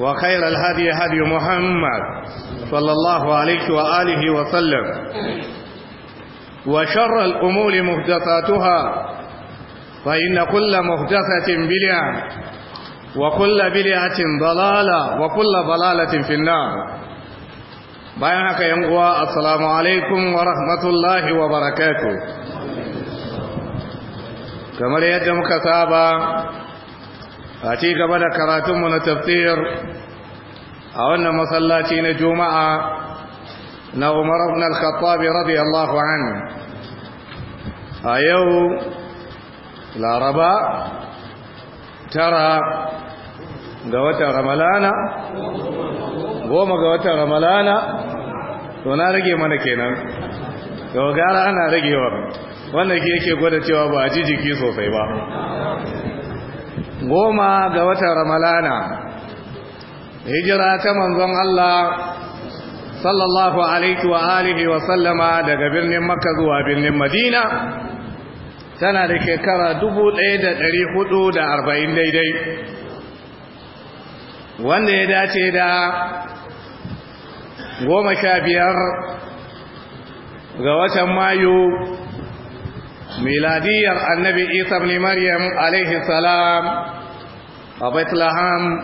وخير الهدي هدي محمد صلى الله عليه وآله وسلم وشر الأمور مهدثاتها فإن كل مهدثة بلع وكل بلعة ضلالة وكل ضلالة في النار بيانك ينقوى السلام عليكم ورحمة الله وبركاته كما يجمك سابا a ci gaba da karatunmu na tafsir a wannan masallaci na juma'a na umar ibn al-khattab radiyallahu anhu a yau laraba tara ga watan ramalana goma ga watan ramalana to na rage mana kenan to gara ana ragewa wannan ke yake gwada cewa ba a ji jiki sosai ba goma ga watan ramalana hijira ta manzon Allah sallallahu alaihi wa alihi wa sallama daga birnin makka zuwa birnin madina tana da shekara 1440 daidai wanda ya dace da goma sha biyar ga watan mayu miladiyar annabi isa ibn maryam alaihi salam a bethlehem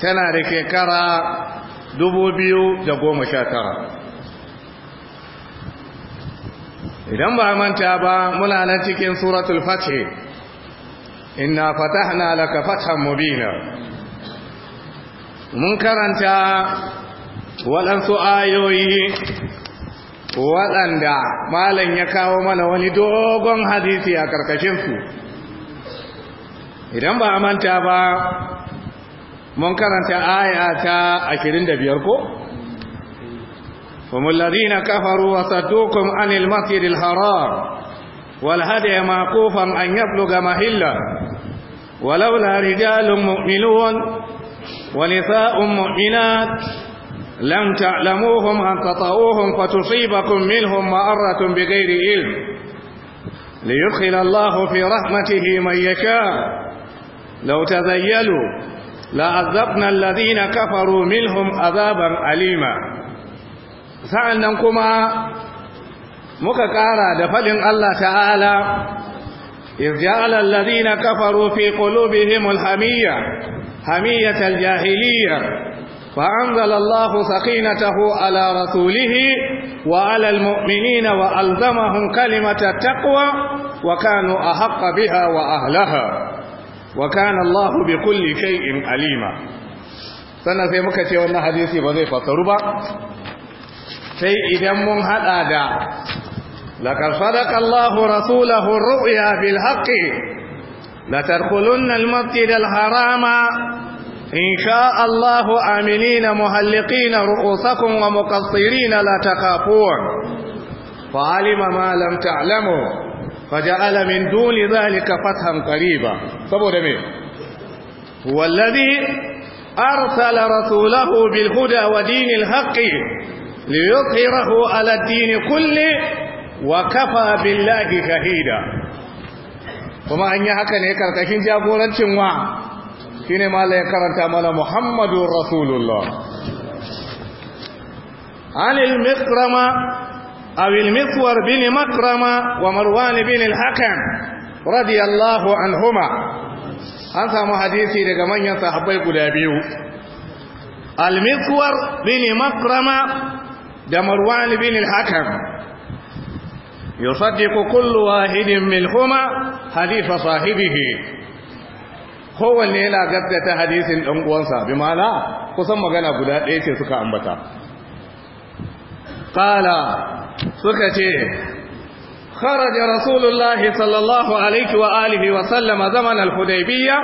tana da shekara tara. idan ba manta ba muna nan cikin suratul fatih inna fatahna laka fathan mubina mun karanta waɗansu ayoyi waɗanda malam ya kawo mana wani dogon hadisi a ƙarƙashinsu idan ba a manta ba mun karanta ayata ashirin da biyar ko? famulari na kafaru wa saddokun anil masjidil haram walhada ya makofan an yablo ga mahillar walaula rijalun mu'miluwan wani sa'un mu'minat lam ta'lamuhum an tatawuhum fa tusibakum minhum ma'aratun bi ghairi ilm liyukhil Allahu fi rahmatihi man yasha لو تزيلوا لعذبنا الذين كفروا azaban alima, أليما kuma muka ƙara da fadin Allah ta'ala izja'ala lazina kafaru fi qulubihim alhamiyya hamiyat aljahiliyya fa anzala Allahu sakinatahu ala rasulihi wa ala almu'minina wa alzamahum kalimata taqwa wa kanu ahqqa biha wa ahlaha wa kana Allah bi kulli shay'in alima sannan sai muka ce wannan hadisi ba zai fasaru ba sai idan mun hada da laqad sadaqa Allahu rasulahu ar-ru'ya bil haqqi la tadkhulunna al-masjid al-harama aminina شاء الله wa محلقين رؤوسكم ومقصرين لا تخافون فعلم ما faja'ala min duni zalika fathan qariba saboda me wallazi arsala rasulahu bil huda wa dinil haqqi liyuzhirahu ala ad kulli wa kafa billahi shahida kuma an yi haka ne karkashin jagorancin wa shine malai karanta mana muhammadur rasulullah anil mikrama awil miswar bin makrama wa marwan bin al radiyallahu anhuma an samu hadisi daga manyan sahabbai guda biyu al-miswar makrama da marwan bin al-hakam yusaddiqu kullu wahidin minhuma hadith sahibihi kowanne yana gaskata hadisin ɗan uwansa bi ma'ana kusan magana guda ɗaya ce suka ambata qala suka ce kharaja rasulullah sallallahu alaihi wa alihi wa sallama zaman al-hudaybiyya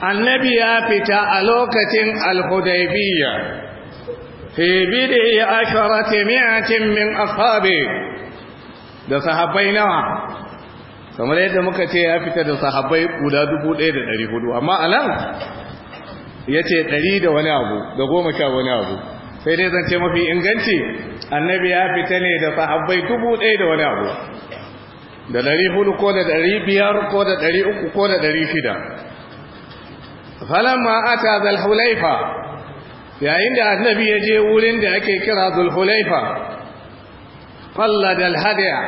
annabi ya fita a lokacin al-hudaybiyya fi bid'i asharati mi'atin min ashabi da sahabbai nawa kamar yadda muka ce ya fita da sahabbai guda 1400 amma anan yace 100 da wani abu da goma sha wani abu sai dai zance mafi inganci annabi ya fita ne da sahabbai dubu ɗaya da wani abu da ɗari hudu ko da ɗari biyar ko da ɗari uku ko da ɗari shida falamma ata zalhulaifa yayin da annabi ya je wurin da ake kira zulhulaifa fallada alhadiya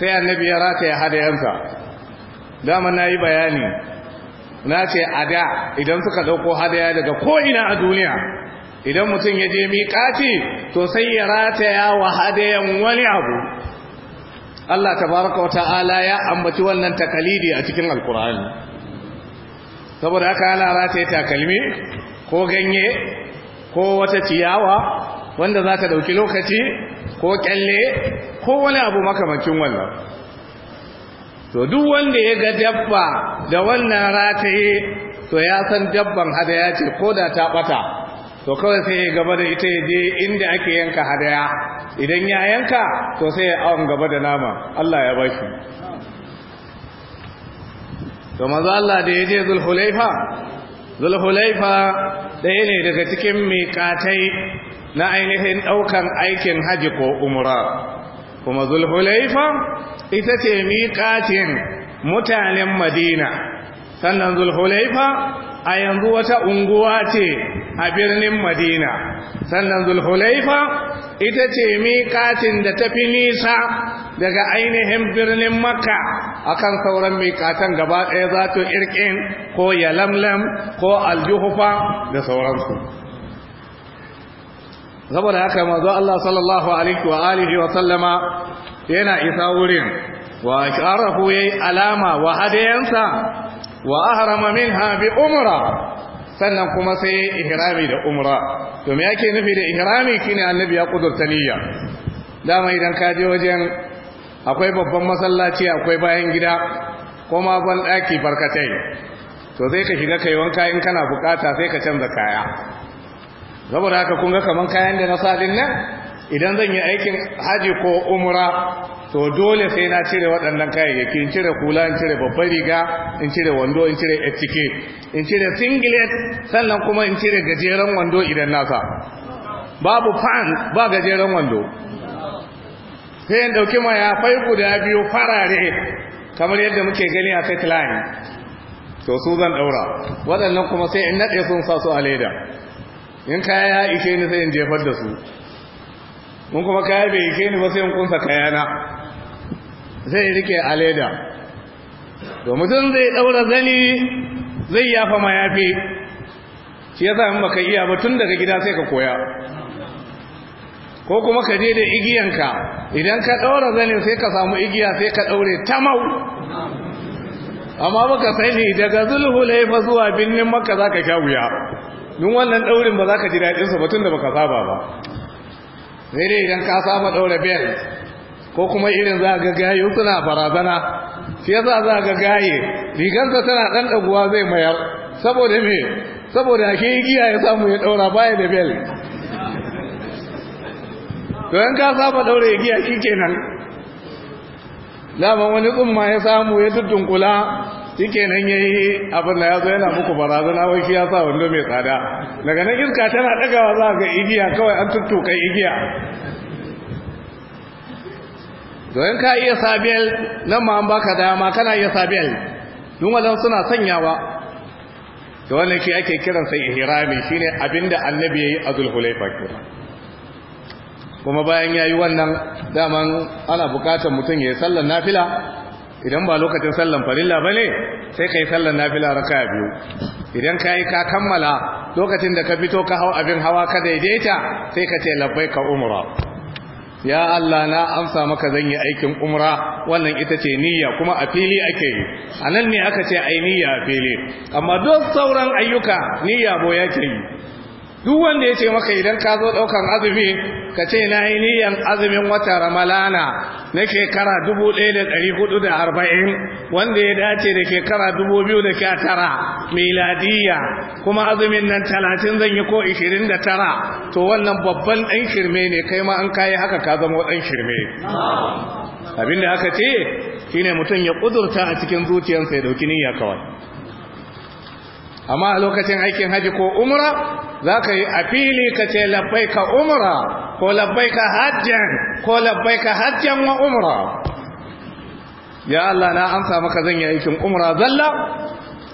sai annabi ya rataya hadayansa dama na yi bayani na ce a da idan suka ɗauko hadaya daga ko'ina a duniya idan mutum ya je miƙati to sai ya rataya wa hadayan wani abu Allah tabaraka wa ta'ala ya ambaci wannan takalidi a cikin alkur'ani saboda haka ana rataya takalmi ko ganye ko wata ciyawa wanda za ta ɗauki lokaci ko kyalle ko wani abu makamakin wannan to duk wanda ya ga dabba da wannan rataye to ya san dabban hadaya ce ko da ta ɓata to kawai sai ya gaba da ita ya je inda ake yanka hadaya idan ya yanka to sai ya awon gaba da nama Allah ya bashi to maza Allah da ya je zulhulaifa zulhulaifa ɗaya ne daga cikin miƙatai na ainihin ɗaukan aikin haji ko umra kuma zulhulaifa ita ce miƙatin mutanen madina sannan zulhulaifa a yanzu wata unguwa ce a birnin madina sannan zulhulaifa ita ce miƙatin da ta fi nisa daga ainihin birnin makka akan sauran miƙatan gaba ɗaya za ta irkin ko yalamlam ko aljuhufa da sauransu saboda haka mazo Allah sallallahu alaihi wa alihi wa sallama yana isa wurin wa sharafu yayi alama wa hadayansa wa ahrama minha bi umra sannan kuma sai ya ihrami da umra to me yake nufi da ihrami shine annabi ya kudurta niyya dama idan ka je wajen akwai babban masallaci akwai bayan gida kuma ban daki barkatai to sai ka shiga kai wanka in kana bukata sai ka canza kaya saboda haka kun ga kaman kayan da na sadin nan idan zan yi aikin haji ko umra to dole sai na cire waɗannan kayayyaki in cire kula in cire babbar riga in cire wando in cire etike in cire singlet sannan kuma in cire gajeren wando idan nasa babu fan ba gajeren wando sai in dauki fai guda biyu farare kamar yadda muke gani a line. to su zan daura waɗannan kuma sai in naɗe sun sa su a leda in kaya ya ishe ni sai in jefar da su mun kuma kaya bai ishe ni ba sai in kunsa kayana zai rike a leda to mutum zai daura zani zai yafa mayafi shi yasa in baka iya ba tun daga gida sai ka koya ko kuma ka je da igiyanka idan ka daura zani sai ka samu igiya sai ka daure tamau amma baka sani daga laifa zuwa binnin makka zaka sha wuya dun wannan daurin ba zaka ji dadin ba tun da baka saba ba sai dai idan ka saba ɗaura bel. ko kuma irin za ga gayu suna barazana shi yasa za ga gaye rigarsa tana dan daguwa zai mayar saboda me saboda yi giya ya samu ya daura baya da bel to in ka saba daure giya shikenan dama wani tsumma ya samu ya nan shikenan yayi abin da ya zo yana muku barazana wai shi ya sa wando mai tsada daga nan iska tana dagawa za ga igiya kawai an tuttuka igiya don ka iya sabiyar nan ma an baka dama kana iya sabiyar don wajen suna sanyawa da wannan shi ake kiransa ihrami shine abinda annabi yayi a zulhulaifa kira kuma bayan yayi wannan daman ana bukatar mutum yi sallar nafila idan ba lokacin sallar farilla ne, sai kai sallar nafila raka'a biyu idan kai ka kammala lokacin da ka fito ka hau abin hawa ka daidaita sai ka ce ka umra ya Allah na amsa maka zan yi aikin umra wannan ita ce niyya kuma a fili ake yi a nan ne aka ce ai niyya a fili amma duk sauran ayyuka niyya boya ke yi duk wanda ya ce maka idan ka zo ɗaukan azumi ka ce na yi niyan azumin wata ramalana na shekara arba'in, wanda ya dace da shekara 2009 miladiya kuma azumin nan talatin zan yi ko tara, to wannan babban ɗan shirme ne kai ma an kayi haka ka zama ɗan shirme abinda haka ce shine mutum ya ƙudurta a cikin zuciyarsa ya dauki niyya kawai amma a lokacin aikin haji ko umra za ka yi a fili ka ce labbai ka umra ko labbai ka hajjan ko labbai ka hajjan wa umra ya Allah na amsa maka zan yi aikin umra zalla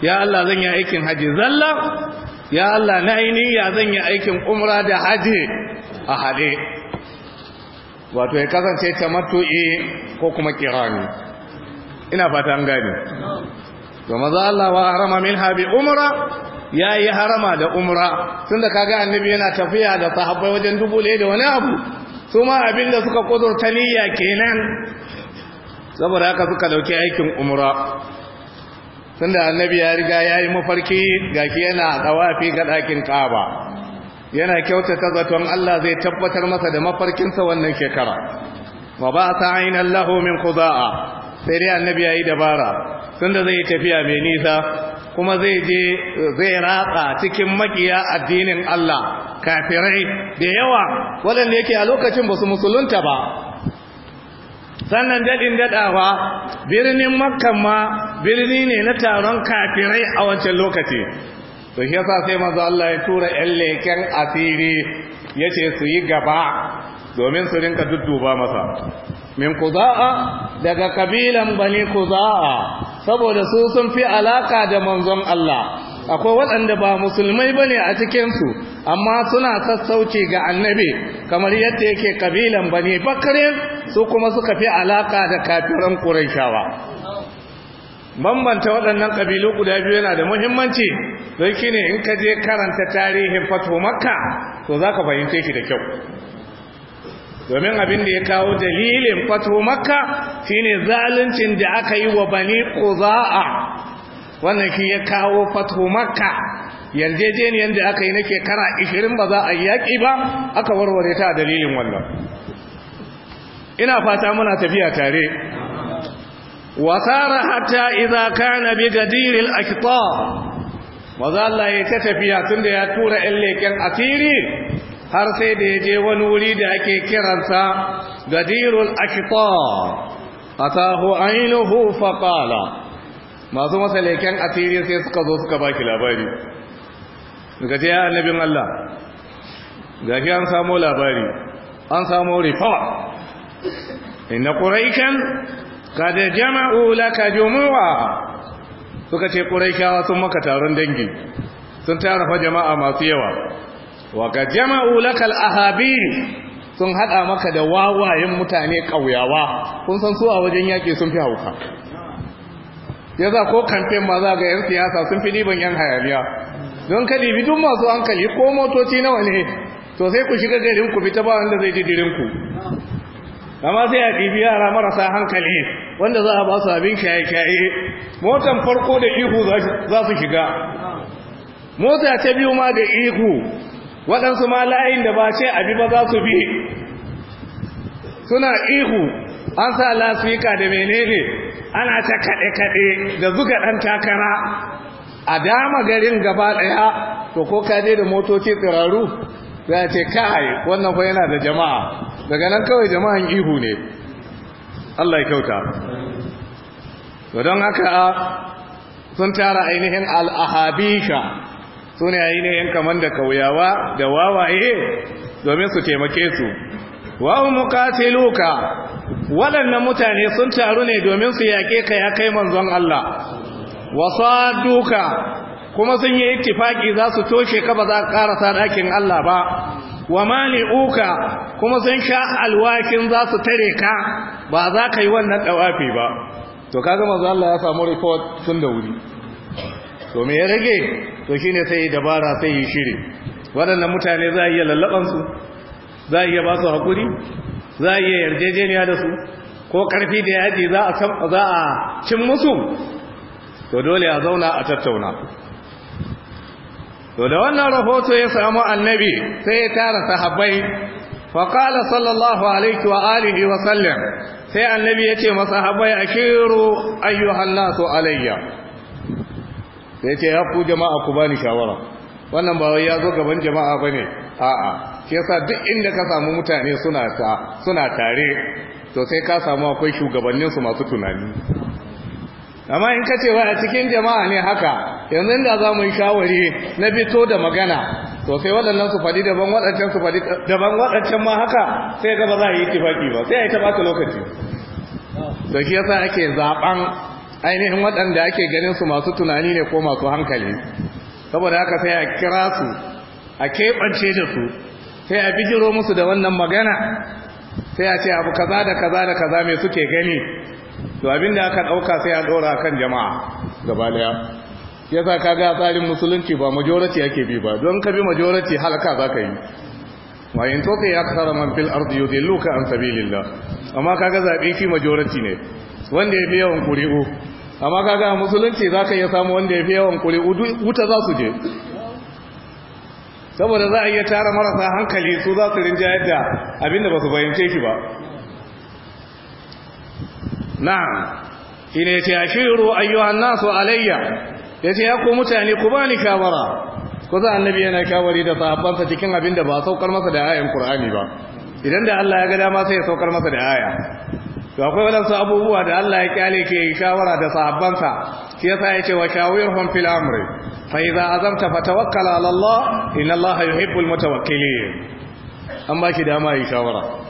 ya Allah zan yi aikin haji zalla ya Allah na yi niyya zan yi aikin umra da haji a haɗe wato ya kasance tamattu'i ko kuma kirani ina fata an gane to maza Allah wa harama min bi umra yayi harama da umra tunda kaga annabi yana tafiya da sahabbai wajen dubu ɗaya da wani abu su ma da suka kudurta niyya kenan saboda haka suka dauki aikin umra tunda annabi ya riga yayi mafarki gaki yana tsawafi ga ɗakin kaba yana kyautata zaton Allah zai tabbatar masa da mafarkinsa wannan shekara wa ba ta ainihin min kuza'a sai dai annabi ya yi dabara tunda zai tafiya mai nisa kuma zai je zai ratsa cikin makiya addinin Allah kafirai da yawa waɗanda yake a lokacin ba su musulunta ba sannan daɗin daɗawa birnin makkan ma birni ne na taron kafirai a wancan lokaci to shi yasa sai manzo Allah ya tura ƴan leken asiri yace su yi gaba domin su rinka dudduba masa min kuza'a daga kabilan bani kuza'a saboda su sun fi alaka da manzon Allah akwai waɗanda ba musulmai bane a cikinsu amma suna sassauci ga annabi kamar yadda yake kabilan bani bakare, su kuma suka fi alaka da kafiran quraishawa bambanta waɗannan ƙabilu guda biyu yana da muhimmanci don shine in ka je karanta tarihin fatu makka to zaka fahimce shi da kyau domin abin da ya kawo dalilin fatu makka shine zaluncin da aka yi wa bani quza'a wannan shi ya kawo fatu makka yarjejeniyar da aka yi na shekara 20 ba za a yaƙi ba aka warware ta dalilin wannan ina fata muna tafiya tare wasara hatta idza kana bi gadir al-aqtar maza Allah ya ta tafiya tunda ya tura ƴan leƙen asiri har sai da ya je wani wuri da ake kiransa gadirul akita atahu ainihu faqala masu masaleken asiri sai suka zo suka baki labari daga ya annabin Allah gafi an samo labari an samo rifa inna quraikan kad jama'u laka jumu'a suka ce quraikawa sun maka taron dangi sun tara fa jama'a masu yawa waka jama'u lakal ahabir sun hada maka da wawayen mutane kauyawa kun san su a wajen yake sun fi hauka yasa ko kamfen ma za ga yan siyasa sun fi diban yan hayaniya don ka dibi duk masu hankali ko motoci nawa ne to sai ku shiga garin ku fita ba wanda zai ji dirin ku amma sai a dibi yara marasa hankali wanda za a ba su abin shaye-shaye. motan farko da ihu za su shiga mota ta biyu ma da ihu waɗansu ma layin da ba ce abi ba za su bi suna ihu an sa lasfika da menene ana ta kaɗe-kaɗe da zuga ɗan takara a dama garin gaba ɗaya to ko kaje da motoci tsiraru za a ce kai wannan kwa yana da jama'a daga nan kawai jama'an ihu ne Allah ya kyauta to don haka sun tara ainihin al'ahabisha su ne yayi ne yan kaman da kauyawa da wawaye domin su taimake su wa muqatiluka waɗannan mutane sun taru ne domin su yaƙe ka ya kai manzon Allah wasaduka kuma sun yi ittifaki za su toshe ka ba za ka karasa ɗakin Allah ba wa uka kuma sun sha alwakin za su tare ka ba za ka yi wannan dawafi ba to kaga manzon Allah ya samu report tun da wuri to me ya rage to shine sai dabara sai yi shiri waɗannan mutane za a iya lallabansu za a iya ba su haƙuri za a iya yarjejeniya da su ko ƙarfi da yaji za a cin musu to dole a zauna a tattauna to da wannan rahoto ya samu annabi sai ya tara sahabbai faƙala sallallahu alaihi wa alihi wa sallam sai annabi ya ce masahabai a shiru ayyuhan nasu alayya sai ce ya ku jama'a ku bani shawara wannan ba wai ya zo gaban jama'a bane a'a shi yasa duk inda ka samu mutane suna ta suna tare to sai ka samu akwai shugabannin su masu tunani amma in ka ce wai a cikin jama'a ne haka yanzu da za mu yi shawari na fito da magana to sai waɗannan su faɗi daban waɗancan su faɗi daban waɗancan ma haka sai ga ba za a yi tifaki ba sai a yi ta baka lokaci to shi yasa ake zaɓan ainihin waɗanda ake ganin su masu tunani ne ko masu hankali saboda haka sai a kira su a keɓance da su sai a bijiro musu da wannan magana sai a ce abu kaza da kaza da kaza mai suke gani to abinda aka ɗauka sai a ɗora kan jama'a gaba daya ka kaga tsarin musulunci ba majority ake bi ba don ka bi majority halaka za ka yi wayin in toka ya kasara man fil ardi yudilluka an sabilillah amma kaga zaɓe shi majority ne wanda ya fi yawan kuri'u amma kaga musulunci za ka iya samu wanda ya fi yawan kuri wuta za su je saboda za a iya tara marasa hankali su za su rinja yadda abinda ba su bayyance shi ba na'am shine yace ashiru ayyuhan nasu alayya ya ce ya ku mutane ku bani shawara ko za annabi yana shawari da sahabbansa cikin abinda ba saukar masa da ayan Kur'ani ba idan da Allah ya ga dama sai ya saukar masa da aya to akwai wadansu abubuwa da Allah ya kyale ke shawara da sahabbansa shi yasa ya ce wa shawirhum fil amri fa idza azamta fatawakkal ala Allah inna Allah yuhibbul mutawakkilin an ba ki dama yi shawara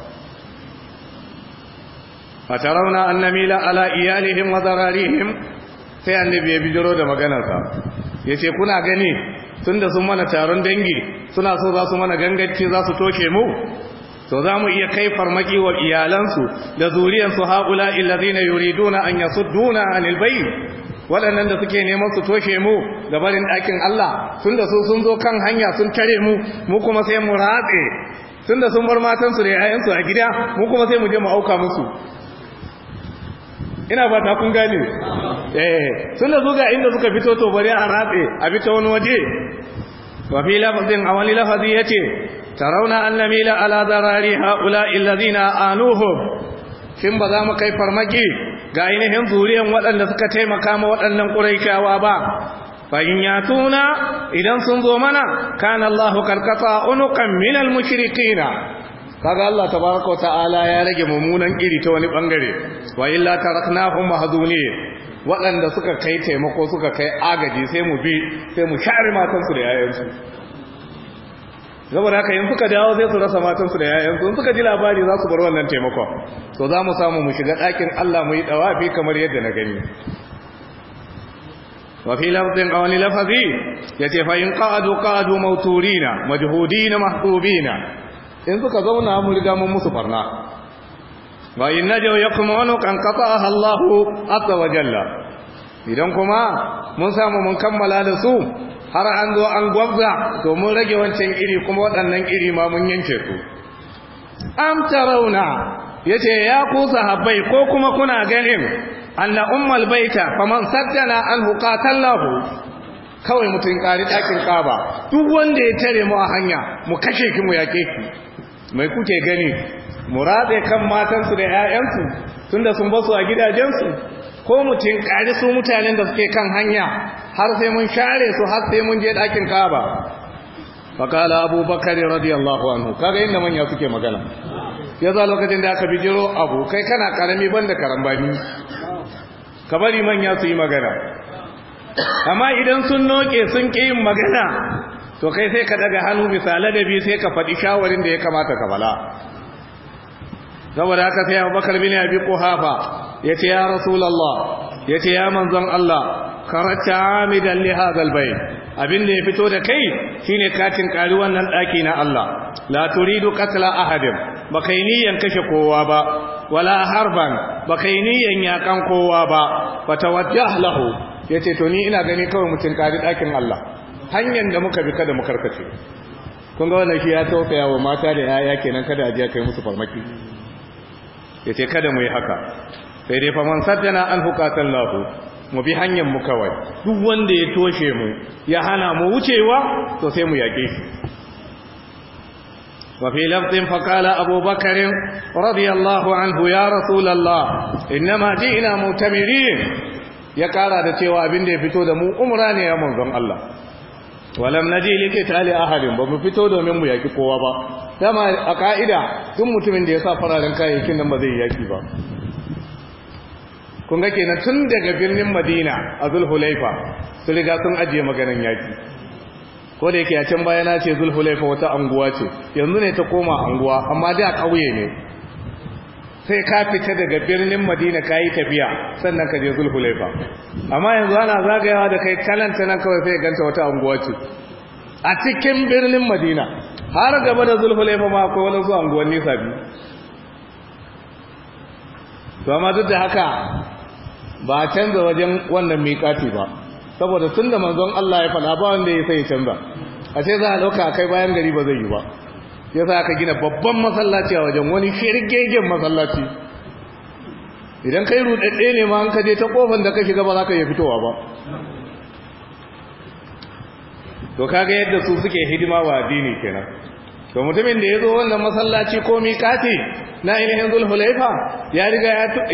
فترون أن نميل على إيالهم وذراريهم sai annabi ya bijiro da maganarsa ya ce kuna gani tun da sun mana taron dangi suna so za su mana ganganci za su toke mu to za mu iya kai farmaki wa iyalansu da zuriyansu haƙula illazina yuriduna an yasudduna anil bayt waɗannan da suke neman su toshe mu da barin ɗakin Allah sun da su sun zo kan hanya sun tare mu mu kuma sai mu ratse Sun da sun bar matansu da 'ya'yansu a gida mu kuma sai mu je mu auka musu ina ba ta kun gane eh tun da su ga inda suka fito to bari a ratse a bi ta wani waje wa fi lafazin a wani lafazi yace ترون أن نميل على ضرار هؤلاء الذين آلوهم shin ba za mu kai farmaki ga ainihin zuriyan waɗanda suka taimaka ma waɗannan ƙuraikawa ba fa in tuna, idan sun zo mana kana Allahu karkata unukan min al-mushrikin kaga Allah tabaraka wa ta'ala ya rage mummunan iri ta wani bangare wa illa taraknahum mahzunin waɗanda suka kai taimako suka kai agaji sai mu bi sai mu share matan su da yayansu gabar haka in suka dawo zai su rasa matansu da yayansu in suka ji labari za su bar wannan taimakon to za mu samu mu shiga ɗakin allah mu yi ɗawafi kamar yadda na gani wafi lafazin a wani lafazi ya ce fa'in ƙa'adu ƙa'adu mauturi na majuhudi na mahbubi na in suka zauna mu riga mun musu barna wa in na jau kuma wani ƙanƙasa a hallahu asa wajalla idan kuma mun samu mun kammala da su har an zo an gwabza to mun rage wancan iri kuma waɗannan iri ma mun yanke ku. am tarauna yace ya ku sahabbai ko kuma kuna ganin anna ummal baita faman saddana an huqatallahu kawai mutun kari dakin kaba duk wanda ya tare mu a hanya mu kashe ki mu yake ki mai kuke gani murade kan matansu da 'ya'yansu tunda sun basu a gidajensu ko mutum kare su mutanen da suke kan hanya har sai mun share su har sai mun je ɗakin kaba fakala abubakar radiyallahu anhu kaga inda manya suke magana ya za lokacin da aka bijiro abu kai kana karami banda karambani ka bari manya su yi magana amma idan sun noke sun ƙi yin magana to kai sai ka daga hannu da biyu sai ka faɗi shawarin da ya kamata ka bala saboda haka sai abubakar bin abi kuhafa ya ce ya rasulallah ya ce ya manzon Allah karatta amidan li hadal bayt abin da ya fito da kai shine katin kari wannan daki na Allah la turidu qatla ahadin baka niyan kashe kowa ba wala harban baka niyan yakan kowa ba fatawajjah lahu yace to ni ina gani kawai mutun kari dakin Allah hanyar da muka bi kada mu karkace kun ga wannan shi ya tausaya wa mata da yaya kenan kada a je kai musu farmaki yace kada mu yi haka sai dai faman saddana an hukatan lahu mu bi hanyar mu kawai duk wanda ya toshe mu ya hana mu wucewa to sai mu yake shi وفي لفظ فقال أبو بكر رضي الله عنه يا رسول ina إنما جئنا ya kara da cewa abin da ya fito da mu umra ne ya manzon Allah walam naji ke tali ahadin ba mu fito domin mu yaki kowa ba dama a ka'ida duk mutumin da ya sa fararen kayayyakin nan ba zai yaki ba kun ga kenan tun daga birnin Madina a Zulhulaifa su riga sun ajiye maganin yaki ko da yake a can baya na ce Zulhulaifa wata anguwa ce yanzu ne ta koma anguwa amma da ƙauye ne sai ka fita daga birnin madina ka yi tafiya sannan ka je zulhulaifa amma yanzu ana zagayawa da kai kalanta nan kawai sai ganta wata unguwa ce a cikin birnin madina har gaba da zulhulaifa ma akwai wani zuwa anguwanni sabi to amma duk da haka ba a canza wajen wannan miƙati ba saboda tun da manzon Allah ya faɗa ba wanda ya sai canza a ce za a ɗauka a kai bayan gari ba zai yi ba ya za aka gina babban masallaci a wajen wani shirgegen masallaci idan kai rudadde ne ma an kaje ta kofan da ka shiga ba za ka iya fitowa ba to kaga yadda su suke hidima wa addini kenan to mutumin da ya zo wannan masallaci ko kati na ainihin zulhulaifa ya riga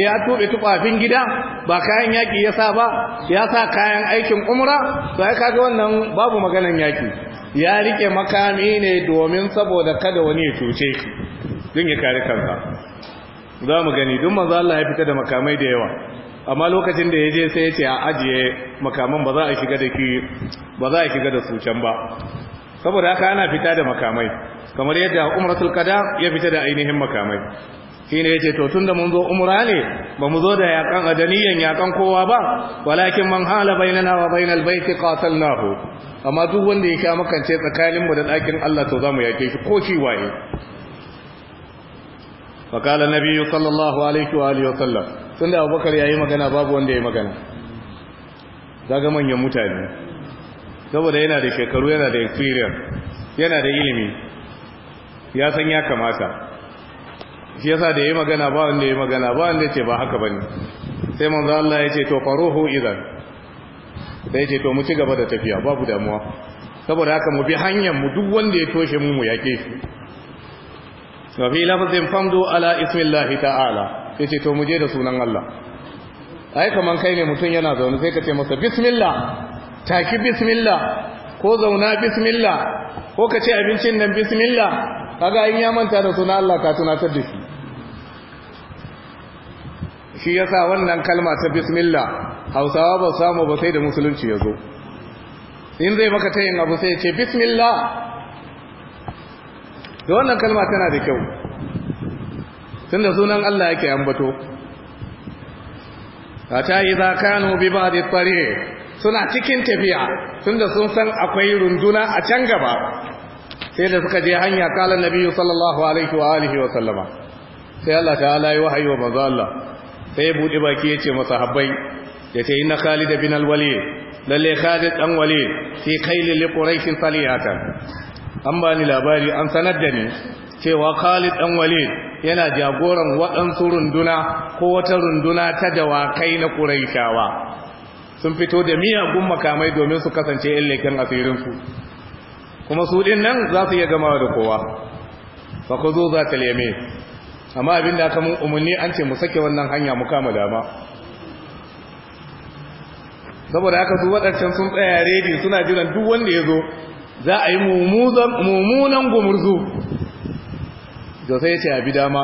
ya tuɓe tufafin gida ba kayan yaƙi ya sa ba ya sa kayan aikin umra to ya kaga wannan babu maganan yaƙi ya riƙe makami ne domin saboda kada wani ya cuce shi din ya kare kansa za mu gani duk manzo Allah ya fita da makamai da yawa amma lokacin da ya je sai ya ce a ajiye makaman ba za a shiga da ki ba za a shiga da su can ba saboda haka ana fita da makamai kamar yadda umratul qada ya fita da ainihin makamai shine yace to tunda mun zo umra ne ba mu zo da yakan adaniyan yakan kowa ba walakin man hala bainana wa bainal bait qatalnahu amma duk wanda ya kama makance tsakanin mu da dakin Allah to zamu yake shi ko shi waye فقال sallallahu alaihi الله عليه wa sallam. tunda Abubakar yayi magana babu wanda yayi magana daga manyan mutane saboda yana da shekaru yana da experience yana da ilimi ya san ya kamata shi yasa da yayi magana ba wanda yayi magana ba wanda yace ba haka bane sai manzo Allah yace to faruhu idan sai yace to mu ci gaba da tafiya babu damuwa saboda haka mu bi hanyar mu duk wanda ya toshe mu mu yake shi wa fi lafzin famdu ala ismillahi ta'ala yace to mu je da sunan Allah ai kaman kai ne mutun yana zaune sai ka ce masa bismillah taki bismillah ko zauna bismillah ko ka ce abincin nan bismillah kaga in ya manta da suna Allah ka tunatar da shi shi yasa wannan kalma ta bismillah Hausawa ba samu ba sai da musulunci ya zo in zai maka tayin abu sai ya ce bismillah da wannan kalma tana da kyau tunda sunan Allah yake ambato ta yi za kanu bi ba da suna cikin tafiya tunda sun san akwai runduna a can gaba sai da suka je hanya kala nabi sallallahu alaihi wa alihi wa sallama sai Allah ta'ala ya wahayi wa manzo Allah sai ya bude baki ya ce masa habbai ya ce inna khalid bin al-walid lalle khalid dan walid fi khayl li quraish salihatan an bani labari an sanar da ni cewa khalid dan walid yana jagoran waɗansu runduna ko wata runduna ta dawakai na quraishawa sun fito da miyagun makamai domin su kasance yan leken asirinsu kuma su ɗin nan za su iya gama da kowa ba ku zo za ta leme amma abin da aka mun umarni an ce mu sake wannan hanya mu kama dama saboda aka su waɗancan sun tsaya redi suna jiran duk wanda ya zo za a yi mummunan gumurzu da sai ce a bi dama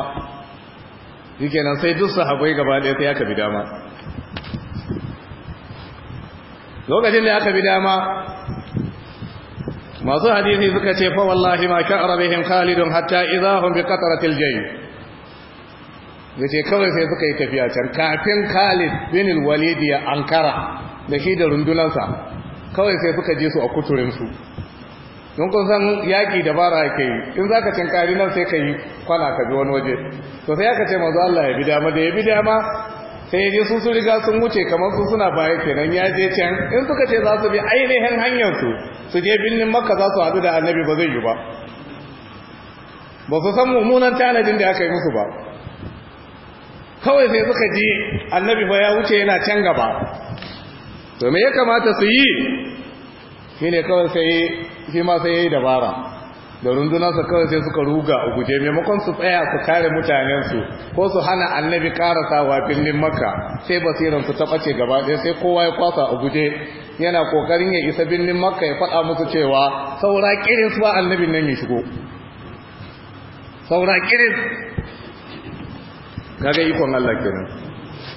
yake nan sai duk sahabai gaba ɗaya sai aka bi dama lokacin da aka bi dama masu hadisi suka ce fa wallahi ma sha'ara bihim khalidun hatta idza hum bi qatratil jayy yace kawai sai suka yi tafiya can kafin Khalid bin al-Walid ya ankara da shi da sa, kawai sai suka je su a kuturin su don kun san yaki dabara yake in zaka cinkari nan sai kai kwana ka bi wani waje to sai aka ce manzo Allah ya bi dama da ya bi dama sai dai su su riga sun wuce kamar su suna baya kenan ya je can in suka ce za su bi ainihin hanyar su su je birnin makka za su haɗu da annabi ba zai yi ba ba su san mummunan tanadin da aka yi musu ba kawai sai suka ji annabi ba ya wuce yana can gaba to me ya kamata su yi shi kawai sai shi ma sai ya yi dabara da rundunarsa kawai sai suka ruga a guje maimakon su tsaya su kare mutanensu ko su hana annabi wa filin makka sai basiransu ta ɓace gaba ɗaya sai kowa ya kwasa a guje yana ƙoƙarin ya isa birnin makka ya faɗa musu cewa saura kirin su ba annabin nan ya shigo saura ƙirin gaga ikon Allah kenan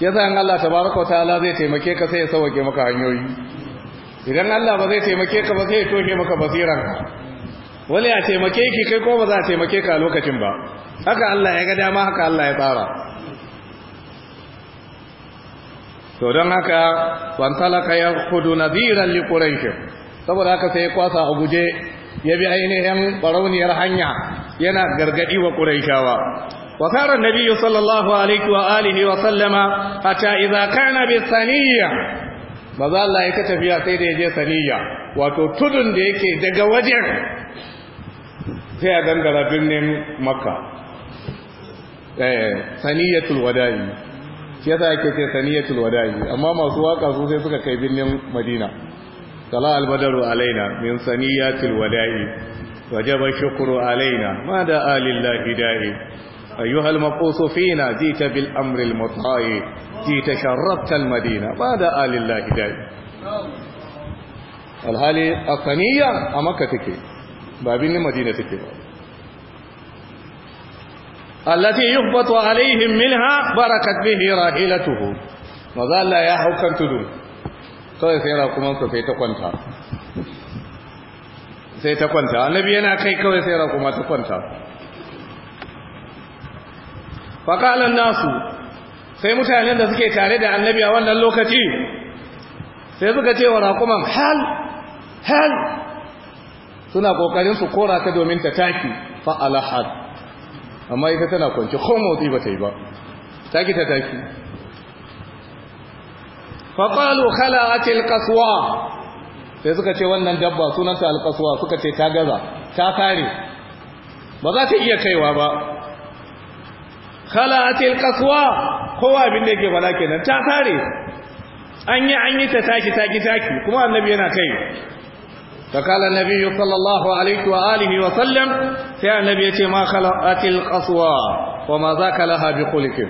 Ya in Allah tabaraka wa ta'ala zai taimake ka sai ya sauke maka hanyoyi idan Allah ba zai taimake ka ba sai ya toke maka basiranka wani ya taimake ki kai ko ba za a taimake ka a lokacin ba haka Allah ya ga dama haka Allah ya tsara to don haka wantalaka ya kudu nadiran li quraish saboda haka sai ya kwasa a guje ya bi ainihin barauniyar hanya yana gargadi wa quraishawa وقال النبي صلى الله عليه وآله وسلم حتى إذا كان بالثانية maza الله ya tafiya sai da ya je saniya wato tudun da yake daga wajen sai a dangara birnin makka eh, saniyatul wada'i shi yasa ake ce saniyatul wada'i amma masu waka su sai suka kai birnin madina tala albadaru alaina min saniyatul wada'i wajaba shukru alaina ma da alillahi da'i أيها المقوص فينا جيت بالأمر المطاع جيت شربت المدينة بعد آل الله داي الهالي الثانية أمكتك ba birnin madina take ba allati yuhbatu alaihim minha barakat bihi rahilatuhu maza Allah ya haukan tudu kawai sai rakumansa sai ta kwanta sai ta kwanta annabi yana kai kawai sai kuma ta kwanta faƙalan nasu sai mutanen da suke tare da annabi a wannan lokaci sai suka ce wa rakuman hal hal suna kokarin su kora ta domin ta taki fa alahad amma ita tana kwanci ko motsi ba ta yi ba taki ta taki fa qalu khala'at alqaswa sai suka ce wannan dabba sunanta alqaswa suka ce ta gaza ta kare ba za ta iya kaiwa ba khala'at alqaswa kowa abin da yake bala kenan ta kare an yi an yi ta taki taki taki kuma annabi yana kai فقال النبي صلى الله عليه وآله وسلم سيع النبي ما خلقت القصوى وما ذاك لها بقولك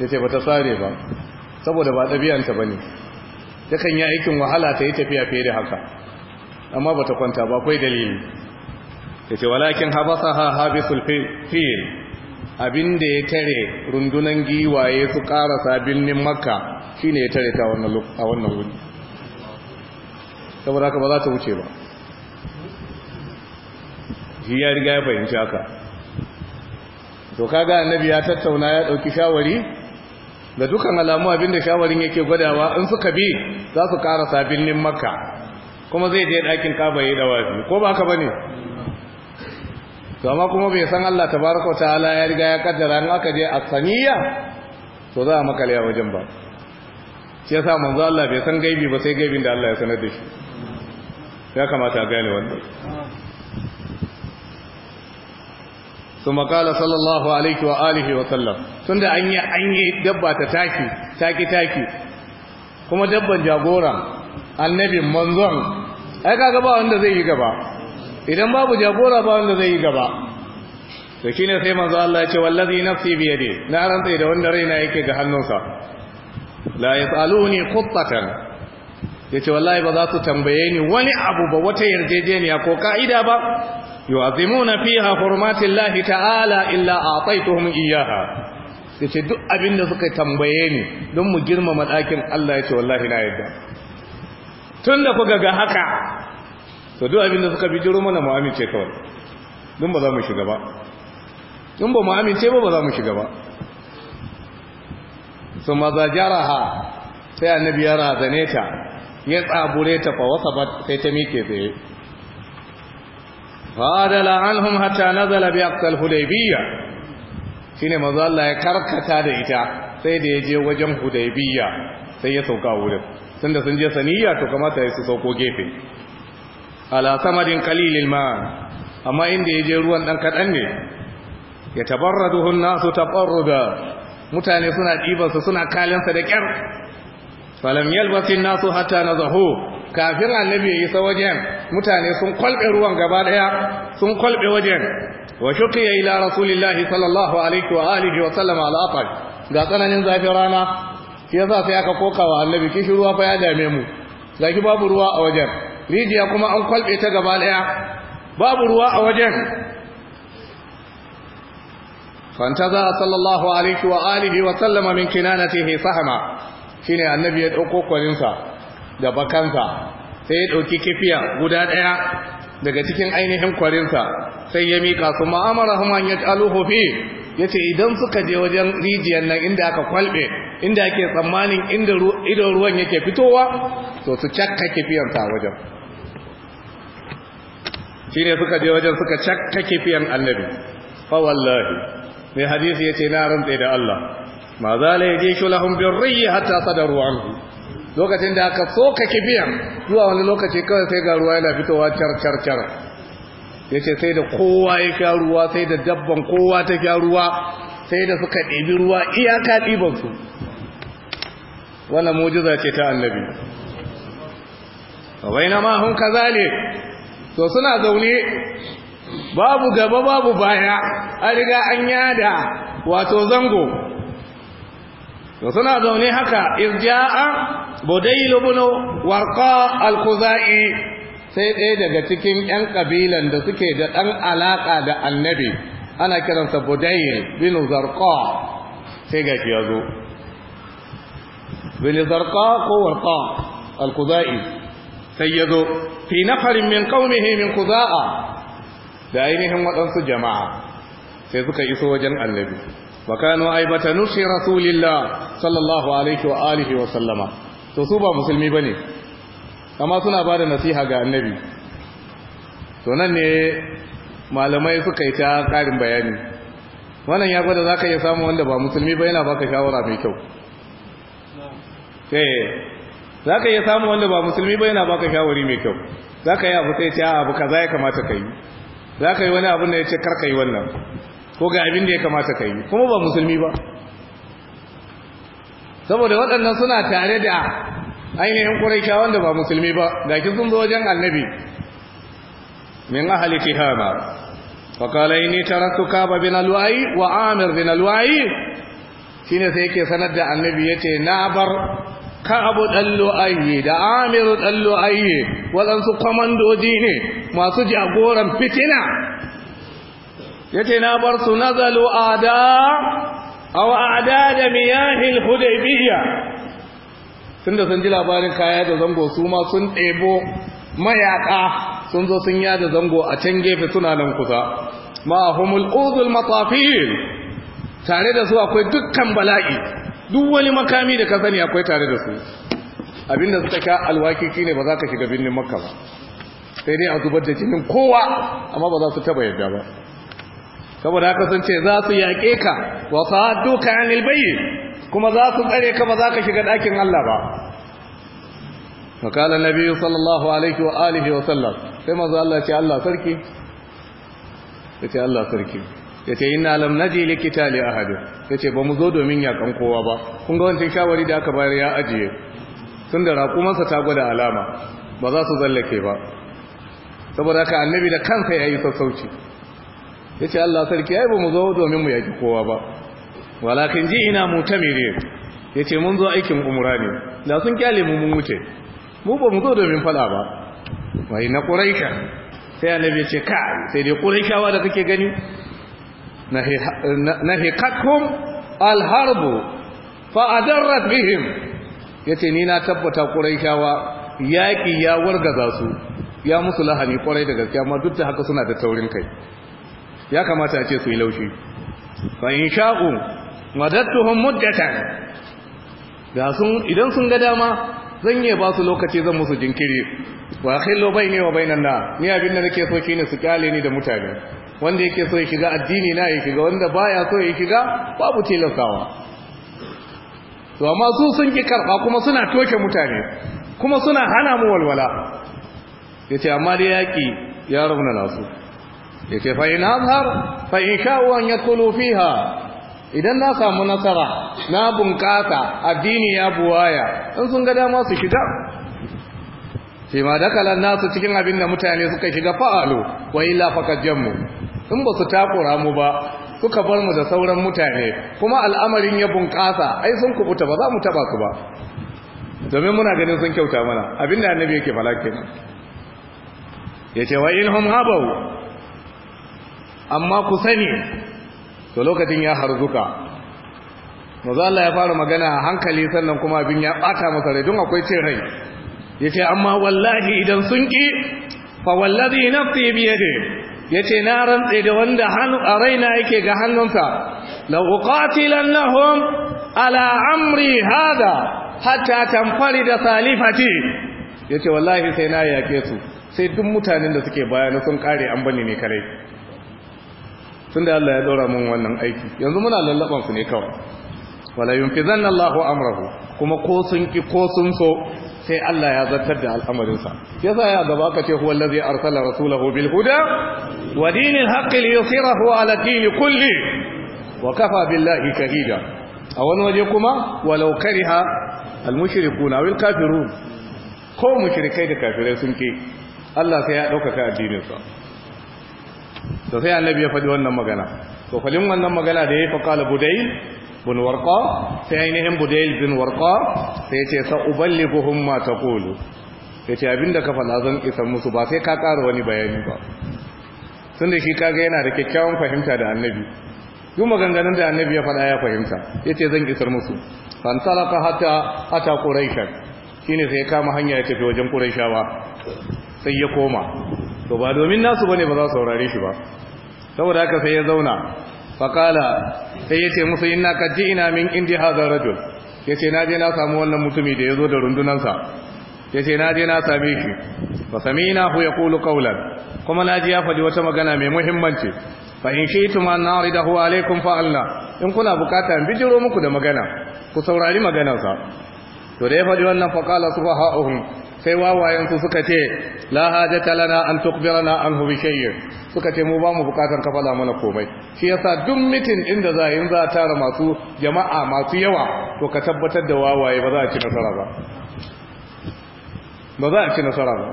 yace bata sare ba saboda ba ɗabi'anta bane takan yi aikin wahala ta yi tafiya fiye da haka amma bata kwanta ba akwai dalili yace walakin habasaha habisul fil abinda ya tare rundunan giwaye su karasa birnin makka shine ya tare ta wannan a wannan wuri saboda haka ba za ta wuce ba shi ya riga ya fahimci haka to ga annabi ya tattauna ya dauki shawari da dukan alamu abinda shawarin yake gwadawa in suka bi za su ƙara sabinin makka kuma zai je ɗakin kaba ya dawafi ko ba ka bane to amma kuma bai san Allah tabaraka ta'ala ya riga ya kaddara in aka je asaniya to za a makale a wajen ba shi yasa manzo Allah bai san gaibi ba sai gaibin da Allah ya sanar da shi ya kamata gane wannan su makala sallallahu alaihi wa alihi wa sallam tun an yi dabba ta taki taki taki kuma dabban jagora annabin manzon ai kaga ba wanda zai yi gaba idan babu jagora ba wanda zai yi gaba to sai manzo Allah ya ce wallazi nafsi bi yadi na ranta da wanda raina yake ga hannunsa la yasaluni qattatan ya ce wallahi ba za su tambaye ni wani abu ba wata yarjejeniya ko ka'ida ba yu'azimuna fiha hurmatillahi ta'ala illa a'taytuhum iyyaha ya ce duk abin da suka tambaye ni don mu girmama ɗakin Allah ya ce wallahi na yadda Tunda da kuka ga haka to duk abin da suka bijiro mana mu amince kawai don ba za mu shiga ba in ba mu amince ba ba za mu shiga ba su mazajaraha sai annabi ya razane ta ya tsabure ta fa wasa sai ta mike tsaye fadala anhum hatta nazala bi aqsal hudaybiyya shine manzo Allah ya karkata da ita sai da ya je wajen hudaybiyya sai ya sauka wurin tunda sun je saniya to kamata ya su sauko gefe ala samadin qalilil ma amma inda ya je ruwan dan kadan ne ya tabarraduhu an-nasu tabarruda mutane suna ɗibansa suna kalinsa da kyar falam yalbasin nasu hatta na zaho kafin annabi ya isa wajen mutane sun kwalbe ruwan gaba daya sun kwalbe wajen wa shuqiya ila rasulillahi sallallahu alaihi wa alihi wa sallama al ga tsananin zafin rana shi yasa sai aka koka wa annabi kishi ruwa fa ya dame mu zaki babu ruwa a wajen rijiya kuma an kwalbe ta gaba daya babu ruwa a wajen fantaza sallallahu alaihi wa alihi wa sallama min kinanatihi sahama shine annabi ya ɗauko kwarinsa da bakansa sai ya ɗauki kifiya guda ɗaya daga cikin ainihin kwarinsa sai ya mika su ma'amarahum ya yaj'aluhu fi ce idan suka je wajen rijiyar nan inda aka kwalbe inda ake tsammanin inda idan ruwan yake fitowa to su cakka kifiyan ta wajen ne suka je wajen suka cakka kifiyan annabi fa wallahi mai hadisi ce na rantse da Allah ma za la yajishu lahum birri hatta sadaru anhu lokacin da aka soka kibiyan zuwa wani lokaci kawai sai ga ruwa yana fitowa car car car yace sai da kowa ya sha ruwa sai da dabban kowa ta sha ruwa sai da suka ɗebi ruwa iyaka ɗiban su wannan mujiza ce ta annabi waina ma hun kazale to suna zaune babu gaba babu baya an riga an yada wato zango to suna zaune haka irja'a budayl ibn warqa al-khuzai sai ɗaya daga cikin ƴan kabilan da suke da ɗan alaka da annabi ana kiransa budayl bin zarqa sai ga shi yazo bin zarqa ko warqa al-khuzai sai yazo fi nafarin min qaumihi min khuza'a da ainihin waɗansu jama'a sai suka iso wajen annabi wa ai bata nushi rasulillah sallallahu alaihi wa alihi wa sallama to su ba musulmi bane amma suna bada nasiha ga annabi to nan ne malamai suka yi ta karin bayani wannan ya gwada zaka iya samu wanda ba musulmi ba yana baka shawara mai kyau sai zaka iya samu wanda ba musulmi ba yana baka shawari mai kyau zaka yi abu sai ce abu kaza ya kamata kai zaka yi wani abu ne ya ce kar kai wannan ko ga abin da ya kamata ka yi kuma ba musulmi ba saboda waɗannan suna tare da ainihin ƙuraisha wanda ba musulmi ba ga sun zo wajen annabi min ke kihama fa ne inni taraktu kaaba bin alwa'i wa amir bin Shi ne sai yake sanar da annabi yace na bar abu dallo ayi da amir dallo ayi wadansu kwamandoji ne masu jagoran fitina yace na bar su nazalu ada aw ada da al hudaybiyya tunda sun ji labarin kaya da zango su ma sun ɗebo mayaka sun zo sun yada zango a can gefe suna nan kusa ma humul udul matafil tare da su akwai dukkan bala'i duk wani makami da ka sani akwai tare da su abinda suka ka alwakiki ne ba za ka shiga birnin makka ba sai dai a zubar da jinin kowa amma ba za su taba yadda ba saboda haka sun ce za su yaƙe ka wa sa'addu ka anil bayyi kuma za su tsare ka ba za ka shiga ɗakin Allah ba fa qala nabi sallallahu alaihi wa alihi wa sallam sai manzo Allah ce Allah sarki yace Allah sarki yace inna lam naji li qitali ahad yace ba mu zo domin yakan kowa ba kun ga wancan shawari da aka bayar ya ajiye tun da raƙumansa ta gwada alama ba za su zallake ba saboda haka annabi da kansa ya yi sassauci ya ce Allah sarki ya yi ba mu zo domin mu yaki kowa ba walakin ji ina mutamire ya ce mun zo aikin umura ne da sun kyale mu mun wuce mu ba mu zo domin fada ba wai na ƙuraika sai annabi ya ce ka sai dai ƙuraikawa da kake gani na hikakum alharbu fa'adarrat bihim ya ce ni na tabbata ƙuraikawa yaƙi ya wargaza su ya musu lahani ƙwarai da gaske. amma duk da haka suna da taurin kai ya kamata a ce su yi laushi fa in sha'u madattuhum muddatan da sun idan sun ga dama zan yi ba su lokaci zan musu jinkiri wa khillu bayni wa bainan na ni abin da nake so shine su kyale ni da mutane wanda yake so ya shiga addini na ya shiga wanda baya so ya shiga babu tilakawa to amma su sun ki karba kuma suna toshe mutane kuma suna hana mu walwala yace amma dai yaki ya rauna nasu yace fa in azhar fa in sha an yadkhulu fiha idan na samu nasara na bunƙasa addini ya buwaya in sun ga dama su shiga sai ma dakala nasu cikin abin da mutane suka shiga fa'alu wa illa mu, in ba su takura mu ba suka bar mu da sauran mutane kuma al'amarin ya bunƙasa ai sun kubuta ba za mu taba su ba domin muna ganin sun kyauta mana abin da annabi yake fala yace wa in hum habau amma ku sani to lokacin ya harzuka maza Allah ya fara magana a hankali sannan kuma abin ya ɓata masa rai don akwai ce rai Ya ce amma wallahi idan sun ƙi fa wallazi nafsi bi yadi ce na rantse da wanda hannu a raina yake ga hannunsa la uqatilannahum ala amri hada hatta tanfari da salifati ce wallahi sai na yake su sai duk mutanen da suke baya na sun kare an bani ne kare da Allah ya daura mun wannan aiki yanzu muna lallaban su ne kawai wala zan Allahu amrahu kuma ko sun ki ko sun so sai Allah ya zartar da al'amarinsa sa yasa ya gaba ka ce huwa allazi arsala rasulahu bil huda wa dinil haqqi liyusirahu ala dini kulli wa kafa billahi kahida a wani waje kuma walau kariha al wal kafirun ko mushrikai da kafirai sun ki Allah sai ya ɗaukaka addininsa to sai annabi ya faɗi wannan magana to falin wannan magana da ya fa qala budayl bin warqa sai ainihin budayl bin warqa sai ya ce sa uballighuhum ma taqulu sai abinda ka faɗa zan isa musu ba sai ka ƙara wani bayani ba tun da shi kaga yana da kyakkyawan fahimta da annabi duk maganganun da annabi ya faɗa ya fahimta yace zan isar musu fan talaka hatta ata quraishan shine sai ya kama hanya ya tafi wajen quraishawa sai ya koma to ba domin nasu bane ba za su saurare shi ba saboda haka sai ya zauna faqala sai yace musu inna qad ina min indi hadha rajul yace na je na samu wannan mutumi da yazo da rundunan sa yace na na same shi fa samina hu yaqulu qawlan kuma na ji ya faɗi wata magana mai muhimmanci fa in shaytum an naridahu alaikum fa alna in kuna bukata in bijiro muku da magana ku saurari maganarsa to da ya faɗi wannan fa qala subhanahu sai wawayensu suka ce la hajata lana an tukbirana an bi shay'in suka ce mu ba mu bukatar ka fada mana komai shi yasa duk mitin inda za yin za tara masu jama'a masu yawa to ka tabbatar da wawaye ba za a ci nasara ba ba za a ci nasara ba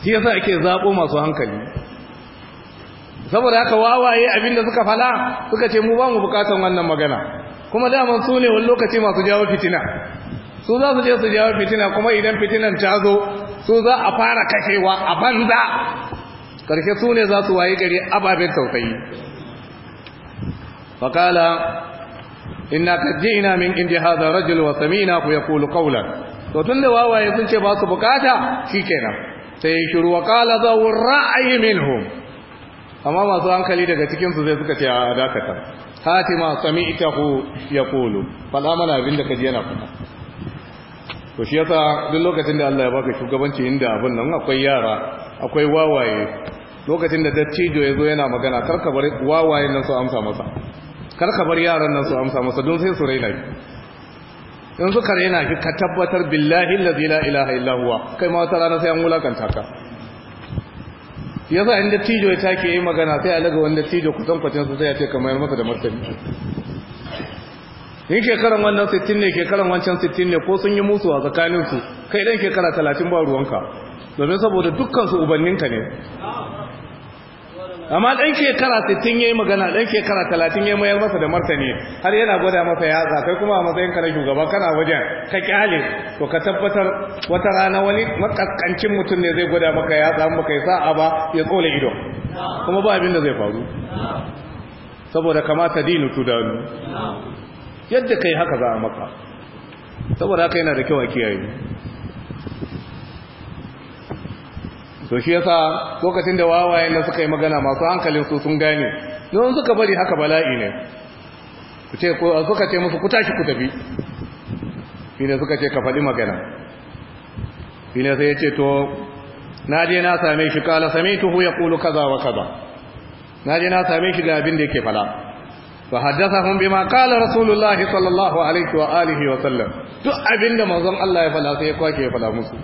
shi yasa ake zabo masu hankali saboda haka wawaye abinda suka fala suka ce mu ba mu bukatar wannan magana kuma daman su ne wani lokaci masu jawo fitina su za su je su jawo fitina kuma idan fitinan ta zo su za a fara kashewa a banza karshe su ne za su waye gari ababen tausayi faƙala inna ina min indi haza rajul wa samina ku kulu kaular to da wawaye sun ce ba su bukata kenan. sai ya shiru wa ƙala za ra'ayi minhum amma masu hankali daga cikinsu zai suka ce a dakata hatima ya kulu, faɗa mana abin ka kaji yana kuma to shi yasa duk lokacin da Allah ya baka shugabanci inda abin nan akwai yara akwai wawaye lokacin da dattijo ya zo yana magana karka bar wawaye nan su amsa masa karka bar yaran nan su amsa masa don sai su raina shi in suka raina shi ka tabbatar billahi allazi la ilaha illa huwa kai ma wata rana sai an wulakanta ka yasa in dattijo ya take yi magana sai a laga wani dattijo kusan kwatin su sai ya ce kamar masa da martani in shekaran wannan 60 ne shekaran wancan sittin ne ko sun yi musu a tsakaninsu kai dan shekara 30 ba ruwanka domin saboda dukkansu ubanninka ne amma dan shekara 60 yayi magana dan shekara 30 ya mayar masa da martani har yana gwada masa yatsa kai kuma a matsayin ka na shugaba kana wajen ka kyale to ka tabbatar wata rana wani makaskancin mutum ne zai gwada maka yatsa maka ya sa'a ba ya tsola ido kuma ba abin da zai faru saboda kamata dinu tudanu yadda kai haka za a maka saboda haka yana da kyau a kiyaye to shi yasa lokacin da wawayen da suka yi magana masu hankalin su sun gane don suka bari haka bala'i ne ku ce suka ce musu ku tashi ku tafi shi ne suka ce ka faɗi magana shi ne sai ya ce to na je na same shi kala same tuhu ya kulu kaza wa kaza na je na same shi ga abin da yake fala فحدثهم بما قال رسول الله صلى الله عليه واله وسلم duk abinda ده Allah ya يفلا سي ya kwake ya fada musu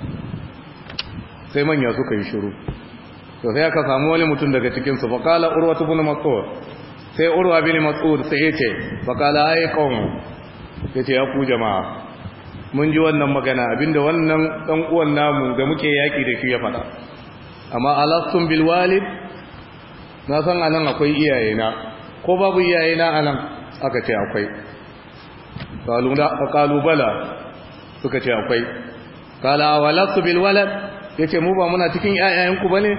sai manya suka yi shiru to sai aka samu wani mutum daga cikin su faqala urwa ibn mas'ud sai urwa ibn mas'ud sai yace faqala ay qawm yace ya ku jama'a mun ji wannan magana abinda wannan dan uwan namu da muke yaki da shi ya fada amma alastum bil walid na san anan akwai iyayena ko babu iyaye na anan aka ce akwai kalu bala suka ce akwai kala walastu bil ce mu ba muna cikin ba ne?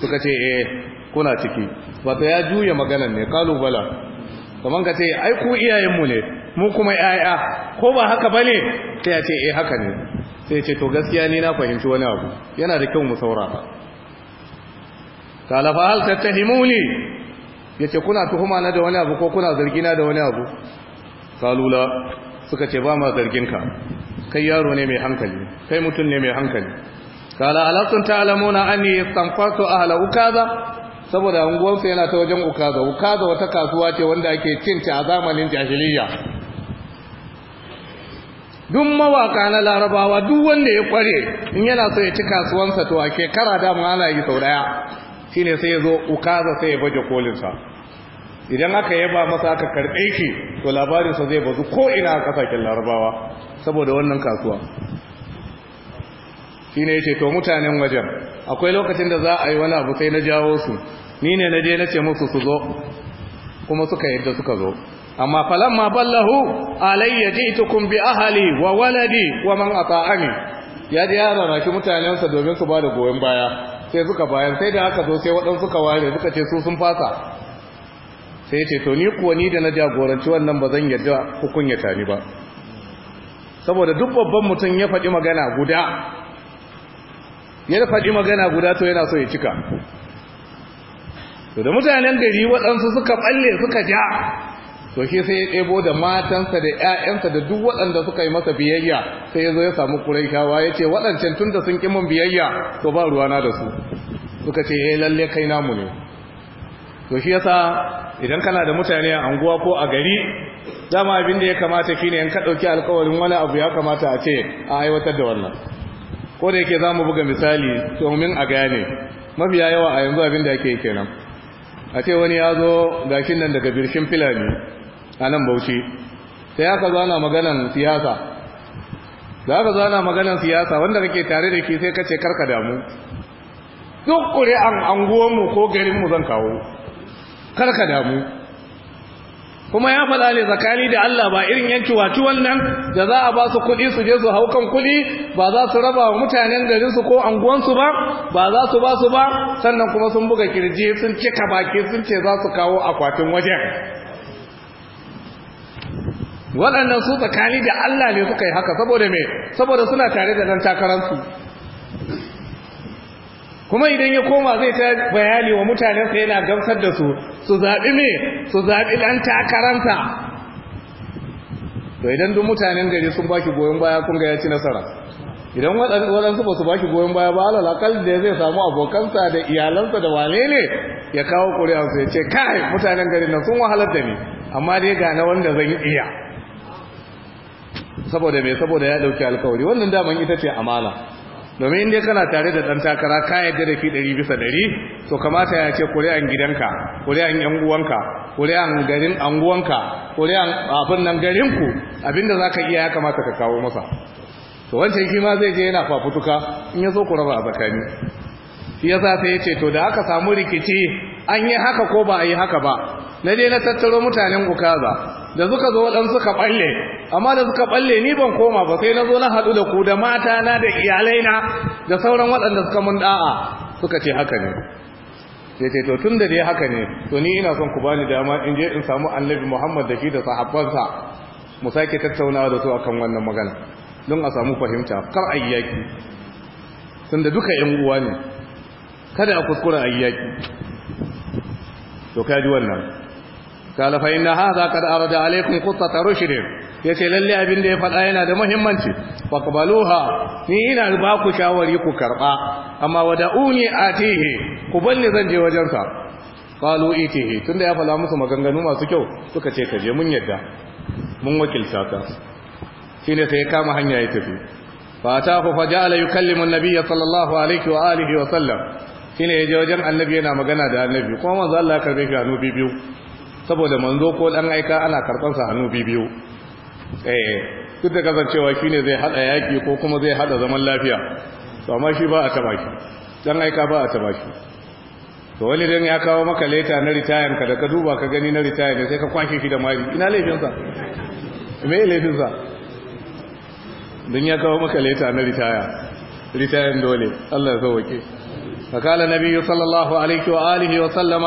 suka ce eh kuna ciki Wata ya juya maganan ne kalu bala ka ce ai ku iyayenmu ne mu kuma yaya ko ba haka ne ta ya ce eh haka ne sai ce to gaskiya ni na fahimci wani abu yana da kyau mu saurara ta ta himuni ya yace kuna tuhuma na da wani abu ko kuna zargina da wani abu kalula suka ce ba ma zargin ka kai yaro ne mai hankali kai mutum ne mai hankali kala an ta'lamuna anni a hala ukaza saboda unguwarsa yana ta wajen ukaza ukaza wata kasuwa ce wanda ake cin a zamanin jahiliya. duk mawaka na larabawa duk wanda ya kware in yana so ya ci kasuwansa to a shekara da ana yi sau daya shine sai ya zo ukaza sai ya baje kolinsa idan aka yaba masa aka karɓe shi to labarinsa zai bazu ko ina a kasashen larabawa saboda wannan kasuwa shi yace to mutanen wajen akwai lokacin da za a yi wani abu sai na jawo su ni ne na je na ce musu su zo kuma suka yadda suka zo amma falamma ballahu alayya jitukum bi ahli wa waladi wa man ata'ani ya ji ya rarraki mutanensa domin su ba da goyon baya sai suka bayan sai da aka zo sai waɗansu suka ware suka ce su sun fasa sai ce to ni kuwa ni da na jagoranci wannan ba zan yarda hukunyata ni ba saboda duk babban mutum ya faɗi magana guda ya faɗi magana guda to yana so ya cika to da mutanen gari waɗansu suka ɓalle suka ja to shi sai ya ɗebo da matansa da ‘ya'yansa da duk waɗanda suka yi masa biyayya sai ya zo ya samu shawa ya ce waɗancan tun da sun ƙi biyayya to ba ruwana da su suka ce ya eh, lalle kai namu ne to shi yasa idan kana da mutane a anguwa ko a gari dama abin da ya kamata shine in ka ɗauki alkawarin wani abu ya kamata a ce a aiwatar da wannan ko da yake za mu buga misali domin a gane mafiya yawa a yanzu abin da ake kenan a ce wani ya zo gashin nan daga birshin filani a nan bauchi sai aka zo ana maganan siyasa da aka zo ana maganan siyasa wanda kake tare da ke sai ka ce karka damu duk kure an anguwanmu ko garinmu zan kawo karka damu kuma ya faɗa ne tsakani da Allah ba irin yanki waci wannan da za a ba su kuɗi su je su hau kan kuɗi ba za su raba wa mutanen garinsu ko anguwansu ba ba za su ba su ba sannan kuma sun buga kirji sun cika baki sun ce za su kawo akwatin wajen waɗannan su tsakani da Allah ne suka yi haka saboda me saboda suna tare da nan takaransu kuma idan ya koma zai ta bayani wa mutanensa yana gamsar da su su zaɓi me su zaɓi ɗan takaranta to idan duk mutanen gari sun ba ki goyon baya kun ga ya ci nasara idan waɗansu ba su baki goyon baya ba alal akal da zai samu abokansa da iyalansa da wane ne ya kawo ƙuri'ansu ya ce kai mutanen gari na sun wahalar da ni amma dai ga na wanda zan iya saboda mai saboda ya dauki alkawari wannan daman ita ce amana domin inda kana tare da dan takara ka yadda da fi ɗari bisa ɗari to kamata ya ce kuri'an gidanka kuri'an yan uwanka kuri'an garin anguwanka kuri'an abin nan garinku abinda za ka iya ya kamata ka kawo masa to wancan shi ma zai je yana fafutuka in ya zo ku raba a tsakani shi yasa sai ya ce to da aka samu rikici an yi haka ko ba a yi haka ba na dai na tattaro mutanen ukaza da suka zo dan suka balle amma da suka balle ni ban koma ba sai na zo na haɗu da ku da mata na da iyalai na da sauran waɗanda suka mun da'a suka ce haka ne sai sai to tun da dai haka ne to ni ina son ku bani dama in je in samu annabi muhammad da shi da sahabbansa mu sake tattaunawa da su akan wannan magana don a samu fahimta kar ayyaki tunda duka yan uwa ne kada a kuskura ayyaki to ji wannan kala fa inna hadha qad arada alaykum quttata rushd yace lalle abin da ya faɗa yana da muhimmanci faqbaluha ni ina ba ku shawari ku karba amma wada'uni atihi ku balle zan je wajen sa qalu itihi tunda ya fada musu maganganu masu kyau suka ce ka je mun yadda mun wakilta ka shine sai ya kama hanya ya tafi fa ta fa ja'ala yukallimu an-nabiyya sallallahu alaihi wa alihi wa sallam Shi ne ya je wajen annabi yana magana da annabi kuma manzo Allah ya karbe shi hannu biyu saboda manzo ko dan aika ana karban sa hannu biyu eh duk da kasancewa shi ne zai hada yaki ko kuma zai hada zaman lafiya to amma shi ba a taba shi dan aika ba a taba shi to wani dan ya kawo maka leta na ritayan ka da ka duba ka gani na ritayan sai ka kwashe shi da mari ina laifin sa me laifin sa dan ya kawo maka leta na ritaya ritayan dole Allah ya sauke فقال النبي صلى الله عليه وآله وسلم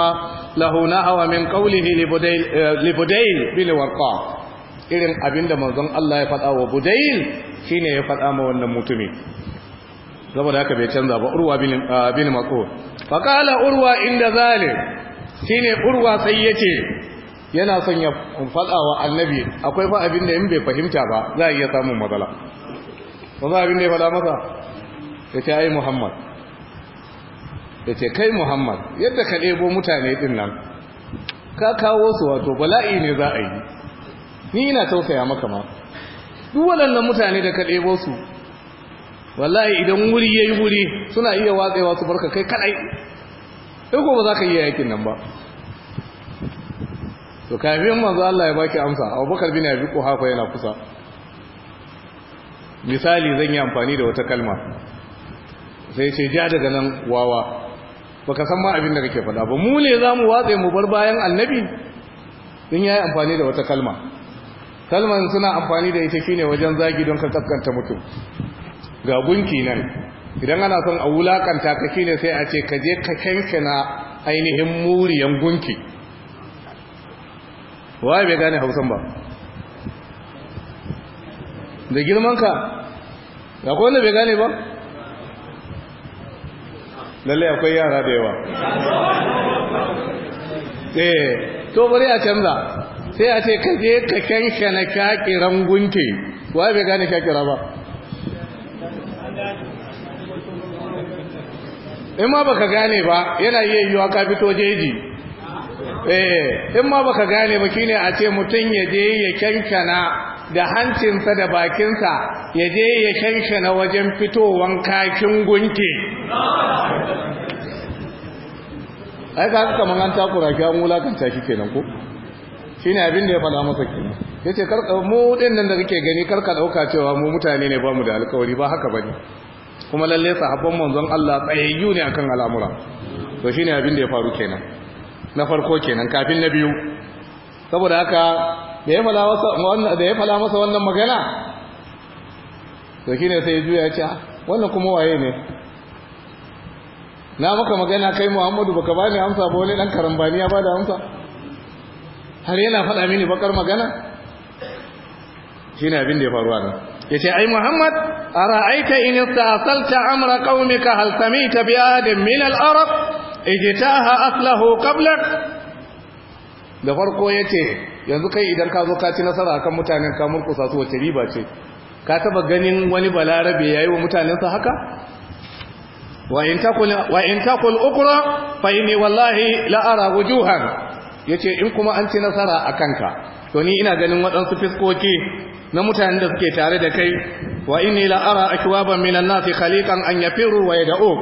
له نهو من قوله لبديل, لبديل بن ورقاء irin abinda manzon Allah ya faɗa wa Budayl shine ya faɗa ma wannan mutumi saboda haka bai canza ba Urwa bin bin Mas'ud fa qala Urwa inda zalim shine Urwa sai yace yana son ya faɗa wa Annabi akwai fa abinda in bai fahimta ba za a iya samun matsala kuma abinda ya faɗa masa yace ai Muhammad da ce kai muhammad yadda ka ɗebo mutane ɗin nan ka kawo su wato bala'i ne za a yi ni ina tausaya maka ma duk waɗannan mutane da ka ɗebo su wallahi idan wuri ya yi wuri suna iya watsewa su barka kai kaɗai ɗin ko ba za ka iya yakin nan ba to kafin manzo Allah ya baki amsa Abubakar bin Abi hafa yana kusa misali zan yi amfani da wata kalma sai ce ja daga nan wawa baka san ma abin da kake faɗa ba mu ne za mu watse mu bar bayan annabi din ya yi amfani da wata kalma kalman suna amfani da ita shine wajen zagi don ka kaskanta mutum ga gunki nan idan ana son a wulakanta ka shine sai a ce ka je ka kankana ainihin muriyan gunki waye bai gane hausan ba da girman ka akwai wanda bai gane ba lalle akwai yara da yawa eh to bari a canza sai a ce ka je ka kanka na kakiran gunke wa bai gane kakira ba in ma baka gane ba yana iya yiwa ka fito jeji eh in ma baka gane ba shine a ce mutum ya je ya kankana da hancinsa da bakinsa ya je ya shanshana wajen fitowan kakin gunki ai ka haka man an takura ki an wulakanta shi kenan ko ne abin da ya fada masa kenan ya ce mu ɗin nan da kake gani karka ɗauka cewa mu mutane ne ba mu da alƙawari ba haka ba ne. kuma lalle sahabban manzon Allah tsayayyu ne akan al'amura to shine abin da ya faru kenan na farko kenan kafin na biyu saboda haka da ya fala masa wannan magana to shi ne sai juya ce ah, wannan kuma waye ne na maka magana kai muhammadu baka bani ni amsa ba wani dan karambani ya ba amsa har yana faɗa mini bakar magana shi ne abin da ya faruwa nan ya ce ai muhammad a ra'aita in istasalta amra qaumika hal samita bi adam min al arab ijtaha aslahu qablak da farko yace yanzu kai idan ka zo ka ci nasara kan mutanen ka murkusa su wace riba ce ka taba ganin wani balarabe yayi wa mutanensa haka wa in takul wa in ukra fa inni wallahi la ara wujuhan yace in kuma an ci nasara akan ka to ni ina ganin waɗansu fiskoki na mutanen da suke tare da kai wa inni la ara akwaban minan nasi khaliqan an yafiru wa yad'uk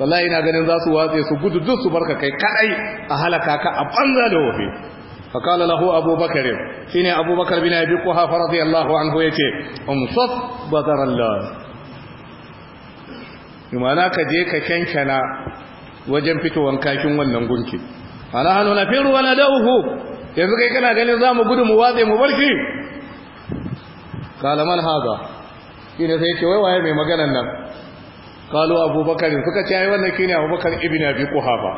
wallahi ina ganin za su watse su gudu duk su barka kai kaɗai a halaka ka a banza da wofi فقال له أبو بكر إن أبو بكر بن أبي قحافة رضي الله عنه يتي امصف بدر الله يمانا كجيك كنكنا وجنفت وانكاشن والنغنك أنا هل نفر وندوه يزغي كنا جني زام قد مواضي مبركي قال من هذا إن سيكي ويوهي من مغانا قالوا أبو بكر فكتي أيوان كيني أبو بكر ابن أبي قحافة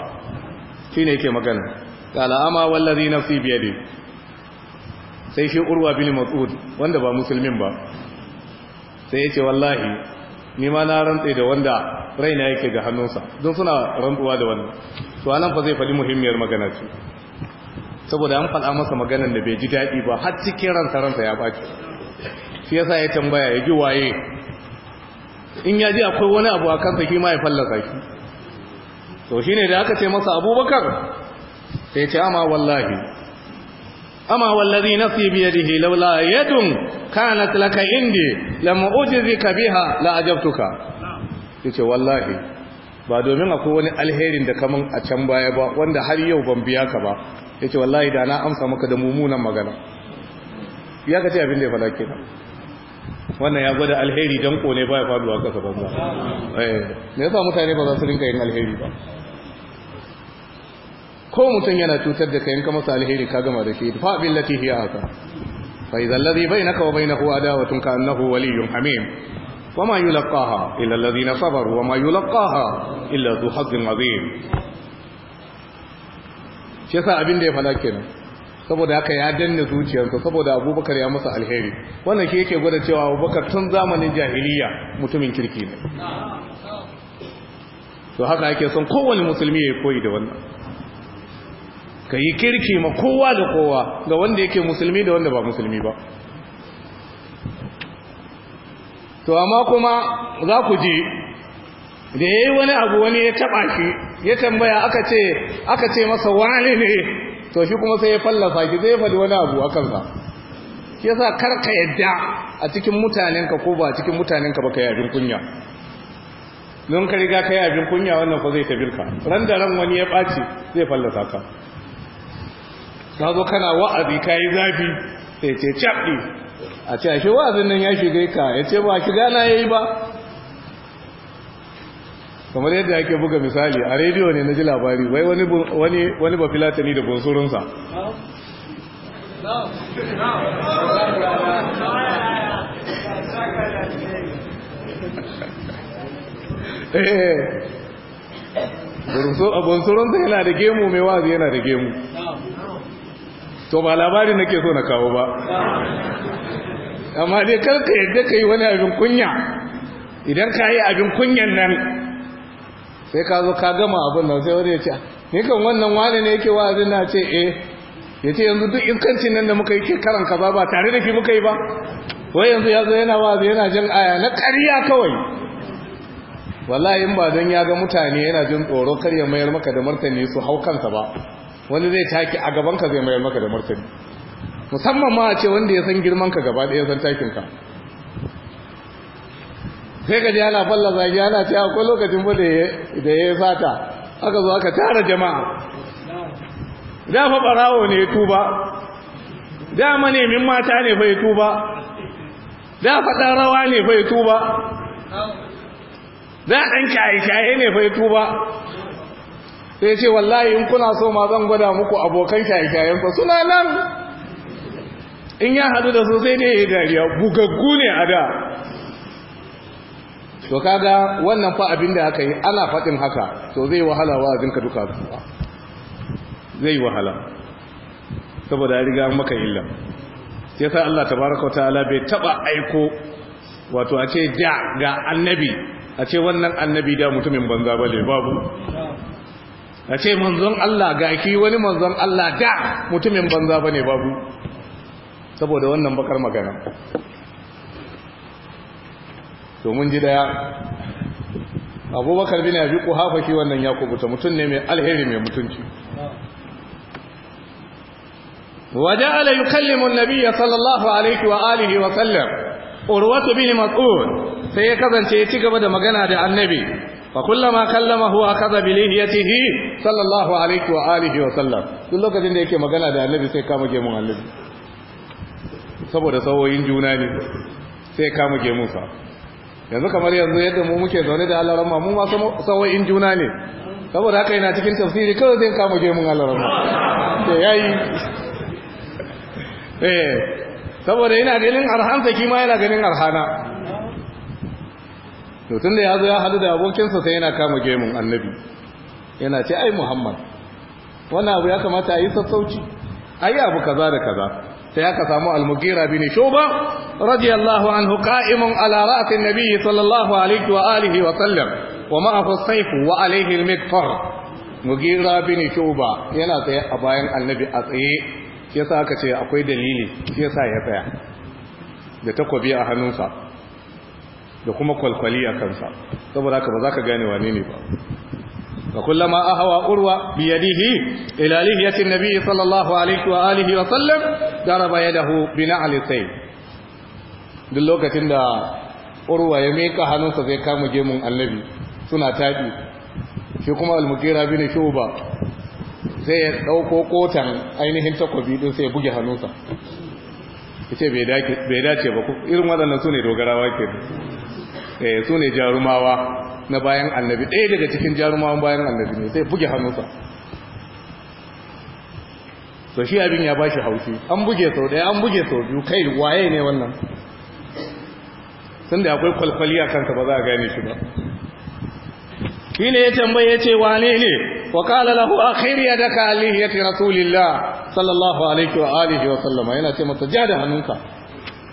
كيني كي مغنن kalama wallazi nafsi biyadi sai shi urwa bin mas'ud wanda ba musulmin ba sai yace wallahi ni ma na rantsa da wanda raina yake ga hannunsa don suna rantsuwa da wannan to anan fa zai faɗi muhimmiyar magana ce saboda an faɗa masa maganar da bai ji daɗi ba har cikin ransa ransa ya ɓaci shi yasa ya tambaya ya ji waye in ya ji akwai wani abu a kansa shi ma ya fallasa shi to shine da aka ce masa abubakar sai ce ama wallahi ama wallazi nafsi bi yadihi laula yadun kanat laka indi lam ujzika biha la ajabtuka yace wallahi ba domin akwai wani alherin da kaman a can baya ba wanda har yau ban biya ka ba yace wallahi da na amsa maka da mumunan magana ya kace abin da ya fada kenan wannan ya gwada alheri dan kone baya faduwa kasa banza eh me yasa mutane ba za su rinka yin alheri ba ko mutum yana cutar da kayan kama alheri ka gama da shi fa abin lati hiya aka fa idan ladhi bainaka wa da adawatun ka annahu wali, yun hamim wa ma yulqaha illa alladhina sabaru wa ma yulqaha illa dhu hazzin azim shi yasa abin da ya fada kenan saboda haka ya danna zuciyarsa saboda abubakar ya masa alheri wannan shi yake gwada cewa abubakar tun zamanin jahiliya mutumin kirki ne to haka yake son kowane musulmi ya koyi da wannan ka yi kirki ma kowa da kowa ga wanda yake musulmi da wanda ba musulmi ba to amma kuma za ku ji da ya yi wani abu wani ya taɓa shi ya tambaya aka ce aka ce masa wani ne to shi kuma sai ya fallasa shi zai faɗi wani abu a kansa shi sa kar ka yadda a cikin mutanenka ko ba a cikin mutanenka ba ka yabin kunya don ka riga ka yabin kunya wannan ko zai tabirka ran da ran wani ya ɓaci zai fallasa ka ka zo kana wa'azi ka yi zafi sai ce caɓi a ce ashe wa'azin nan ya shiga ka ya ce ba shiga na ya yi ba kamar yadda ake buga misali a rediyo ne na ji labari wai wani ba filatani da bunsurunsa eh, bunsurunsa yana da gemu mai wazi yana da gemu to ba labari nake so na kawo ba amma dai karka yadda ka yi wani abin kunya idan ka yi abin kunyan nan sai ka zo ka gama abin nan sai wani ya ce ni kan wannan wani ne yake wa'azin na ce eh ya ce yanzu duk iskancin nan da muka yi karan ka ba tare da shi muka yi ba wai yanzu ya zo yana wa'azi yana jin aya na ƙarya kawai wallahi in ba don ya ga mutane yana jin tsoro kar ya mayar maka da martani su hau kansa ba wani zai taki a gaban ka zai mayar maka da martani musamman ma a ce wanda ya san girman ka gaba ɗaya san takin ka sai ka ji ana falla zagi ana ce akwai lokacin ba da ya sata aka zo aka tara jama'a da fa barawo ne ya tuba da manemin mata ne fa ya tuba da fa dan rawa ne fa tuba da dan kai kai ne fa tuba sai ce wallahi in kuna so ma zan gwada muku abokan shayayensa suna nan in ya hadu da su sai dai ya dariya bugaggu ne a da to kaga wannan fa abin da aka yi ana faɗin haka to zai wahala wa ka duka zuwa zai wahala saboda ya riga maka illa sai sa Allah tabaraka wa ta'ala bai taba aiko wato a ce ja ga annabi a ce wannan annabi da mutumin banza bale babu a ce manzon Allah ga ki wani manzon Allah da mutumin banza ba ne babu saboda wannan bakar magana to mun ji daya abubakar bin ya fi kuhafa shi wannan ya kubuta mutum ne mai alheri mai mutunci waje ala yi kallimun nabiya sallallahu alaihi wa alihi wa sallam urwatu bihi matsur sai ya kazance ya ci gaba da magana da annabi fa كلمه kallamahu akhadha bi lihiyatihi sallallahu alaihi wa alihi wa sallam lokacin da yake magana da annabi sai kama gemun annabi saboda sawoyin juna ne sai kama gemun sa yanzu kamar yanzu yadda mu muke zaune da Allah ramma mu ma sawoyin juna ne saboda haka yana cikin tafsiri kawai zai kama gemun Allah ramma sai yayi eh saboda yana ganin arhansa kima yana ganin arhana to tunda ya zo ya hadu da abokinsa sai yana kama gemun annabi yana ce ai muhammad wannan abu ya kamata a yi sassauci Ai abu kaza da kaza sai aka samu almugira bin shuba radiyallahu anhu qa'imun ala ra'si nabiyyi sallallahu alaihi wa alihi wa sallam wa ma'ahu as wa alaihi mugira bin shuba yana tsaye a bayan annabi a tsaye shi yasa aka ce akwai dalili shi yasa ya tsaya da takobi a hannunsa da kuma kwalkwali a kansa saboda haka ba za ka gane wane ne ba wa kullama ahawa urwa bi yadihi ila lihiyati nabi sallallahu alaihi wa alihi wa sallam daraba yadahu bi na'li Alisai. duk lokacin da urwa ya mika hannunsa zai kama gemun annabi suna taɗi shi kuma almugira bin shuba sai ya dauko kotan ainihin takwabi din sai ya buge hannunsa ku ce bai dace ba irin waɗannan su ne dogarawa ke eh, su ne jarumawa na bayan annabi ɗaya daga cikin jarumawan bayan annabi ne sai buge hannusa. so shi abin ya bashi haushi an buge sau ɗaya an buge sau biyu kai waye ne wannan sun da akwai kwalkwali a kanta ba za a gane shi ba shine ya tambaye ce wane ne wa kala lahu akhir ya alihiyati rasulillah sallallahu alaihi wa alihi wa sallama yana ce masa jada da hannunka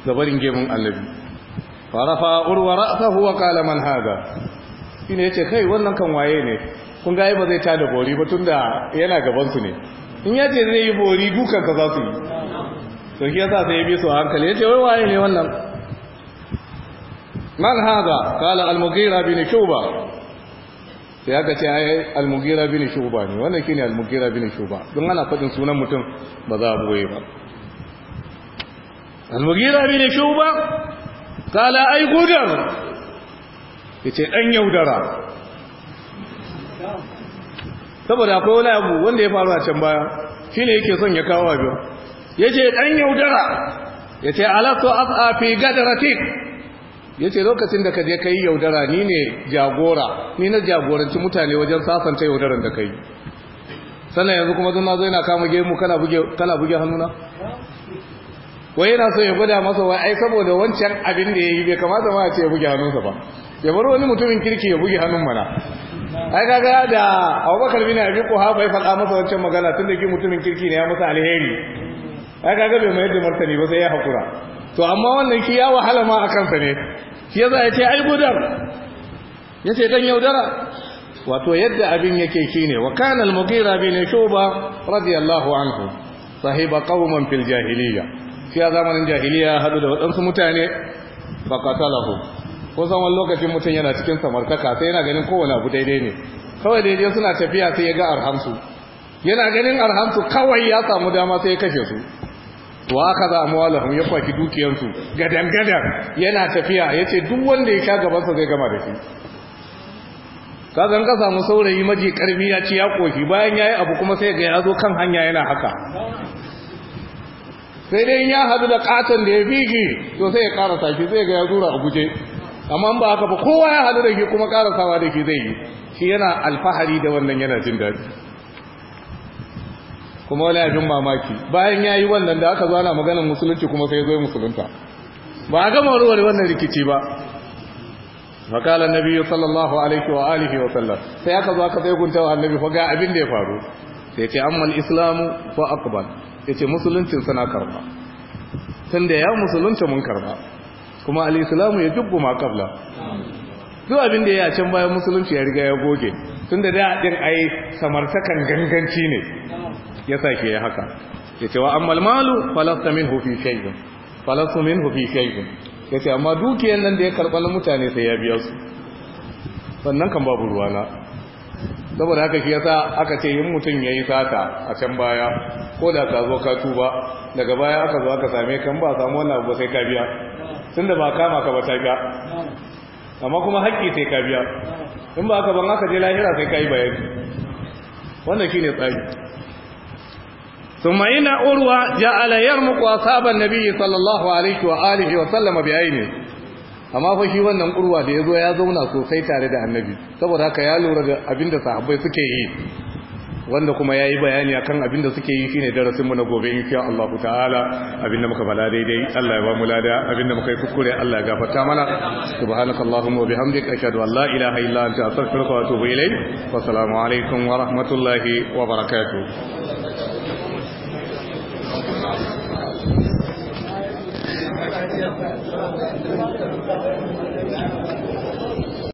da barin gemun annabi fa rafa urwa ra'sahu wa kala man hada shine yace kai wannan kan waye ne kun ga ba zai tada bori ba tunda yana gaban su ne in ya ce zai yi bori dukan ka za su yi to shi yasa sai ya bi su hankali yace wai waye ne wannan man hada kala al-mughira bin shuba sai aka ce ai al-mughira bin shuba ne wannan shine al-mughira bin shuba don ana fadin sunan mutum ba za a boye ba almugira bin shuba kala ai gudar yace dan yaudara saboda akwai wani abu wanda ya faru a can baya shi ne yake son ya kawo abin ce ɗan yaudara ya ce alasso a fi gadratik ya ce lokacin da ka je ka yi yaudara ni ne jagora ni na jagoranci mutane wajen sasanta yaudaran da ka yi sannan yanzu kuma zuna zai na kama gemu kana buge hannuna wai yana so ya gwada masa wai ai saboda wancan abin da ya yi bai kamata ma a ce ya buge hannunsa ba ya bar wani mutumin kirki ya buge hannun mana ai kaga da abubakar bin abi kuha bai faɗa masa wancan magana tun da ke mutumin kirki ne ya masa alheri ai kaga bai mayar da martani ba sai ya haƙura to amma wannan ki ya wahala ma a kansa ne shi yasa ya ce ai gudar ya ce dan yaudara wato yadda abin yake shine wa kana al-mughira bin shuba radiyallahu anhu sahiba qauman fil jahiliya shi a zamanin jahiliya hadu da wadansu mutane fa qatalahu ko san lokacin mutum yana cikin samartaka sai yana ganin kowane abu daidai ne kawai daidai suna tafiya sai ya ga arhamsu yana ganin arhamsu kawai ya samu dama sai ya kashe su wa aka za ya kwaki dukiyansu gadan gadan yana tafiya yace duk wanda ya sha gabansa zai gama da shi kazan ka samu saurayi maji karfi ya ci ya koshi bayan yayi abu kuma sai ga ya zo kan hanya yana haka sai dai ya hadu da katon da ya bigi to sai ya karasa shi sai ga ya zura a guje amma ba haka ba kowa ya hadu da shi kuma sawa da shi zai yi shi yana alfahari da wannan yana jin daɗi kuma wani abin mamaki bayan ya yi wannan da aka zana maganar musulunci kuma sai zai musulunta ba a gama warware wannan rikici ba makalar nabi sallallahu alaihi wa alihi wa sallar sai aka zo aka sai gunta wa annabi ga abin da ya faru sai ce amman islamu ko fa Ya ce musuluncin suna karba da ya musulunta mun karba kuma al'islamu ya dubbu ma kabla duk abin da ya can bayan musulunci ya riga ya goge Tun da din ai samartakan ganganci ne ya sake ya haka ya ce wa ammal malu falasta min hufi shaidun falasta min hufi shaidun ya ce amma dukiyan nan da ya karɓar mutane sai ya biya su sannan kan babu ruwana saboda haka shi yasa aka ce yin mutum ya yi sata a can baya ko da ka zo ka tuba daga baya aka zo aka same kan ba samu wani abu sai ka biya tun da ba kama ka ba ta biya amma kuma haƙƙi sai ka biya in ba ka ban aka je lahira sai ka yi bayani wannan shine tsari ثم إن أروى جعل يرمق أصحاب النبي صلى الله عليه وآله وسلم بعينه amma fa shi wannan kurwa da ya zo ya zauna sosai tare da annabi saboda haka ya lura da abinda sahabbai suke yi wanda kuma ya yi bayani akan abinda suke yi shine darasin mu na gobe in insha Allah ta'ala abin da muka bala daidai Allah ya ba mu lada da muka yi kuskure Allah ya gafarta mana subhanakallahumma wa bihamdika ashhadu an la ilaha illa anta astaghfiruka wa atubu ilayk wa assalamu alaikum wa rahmatullahi wa barakatuh Thank you.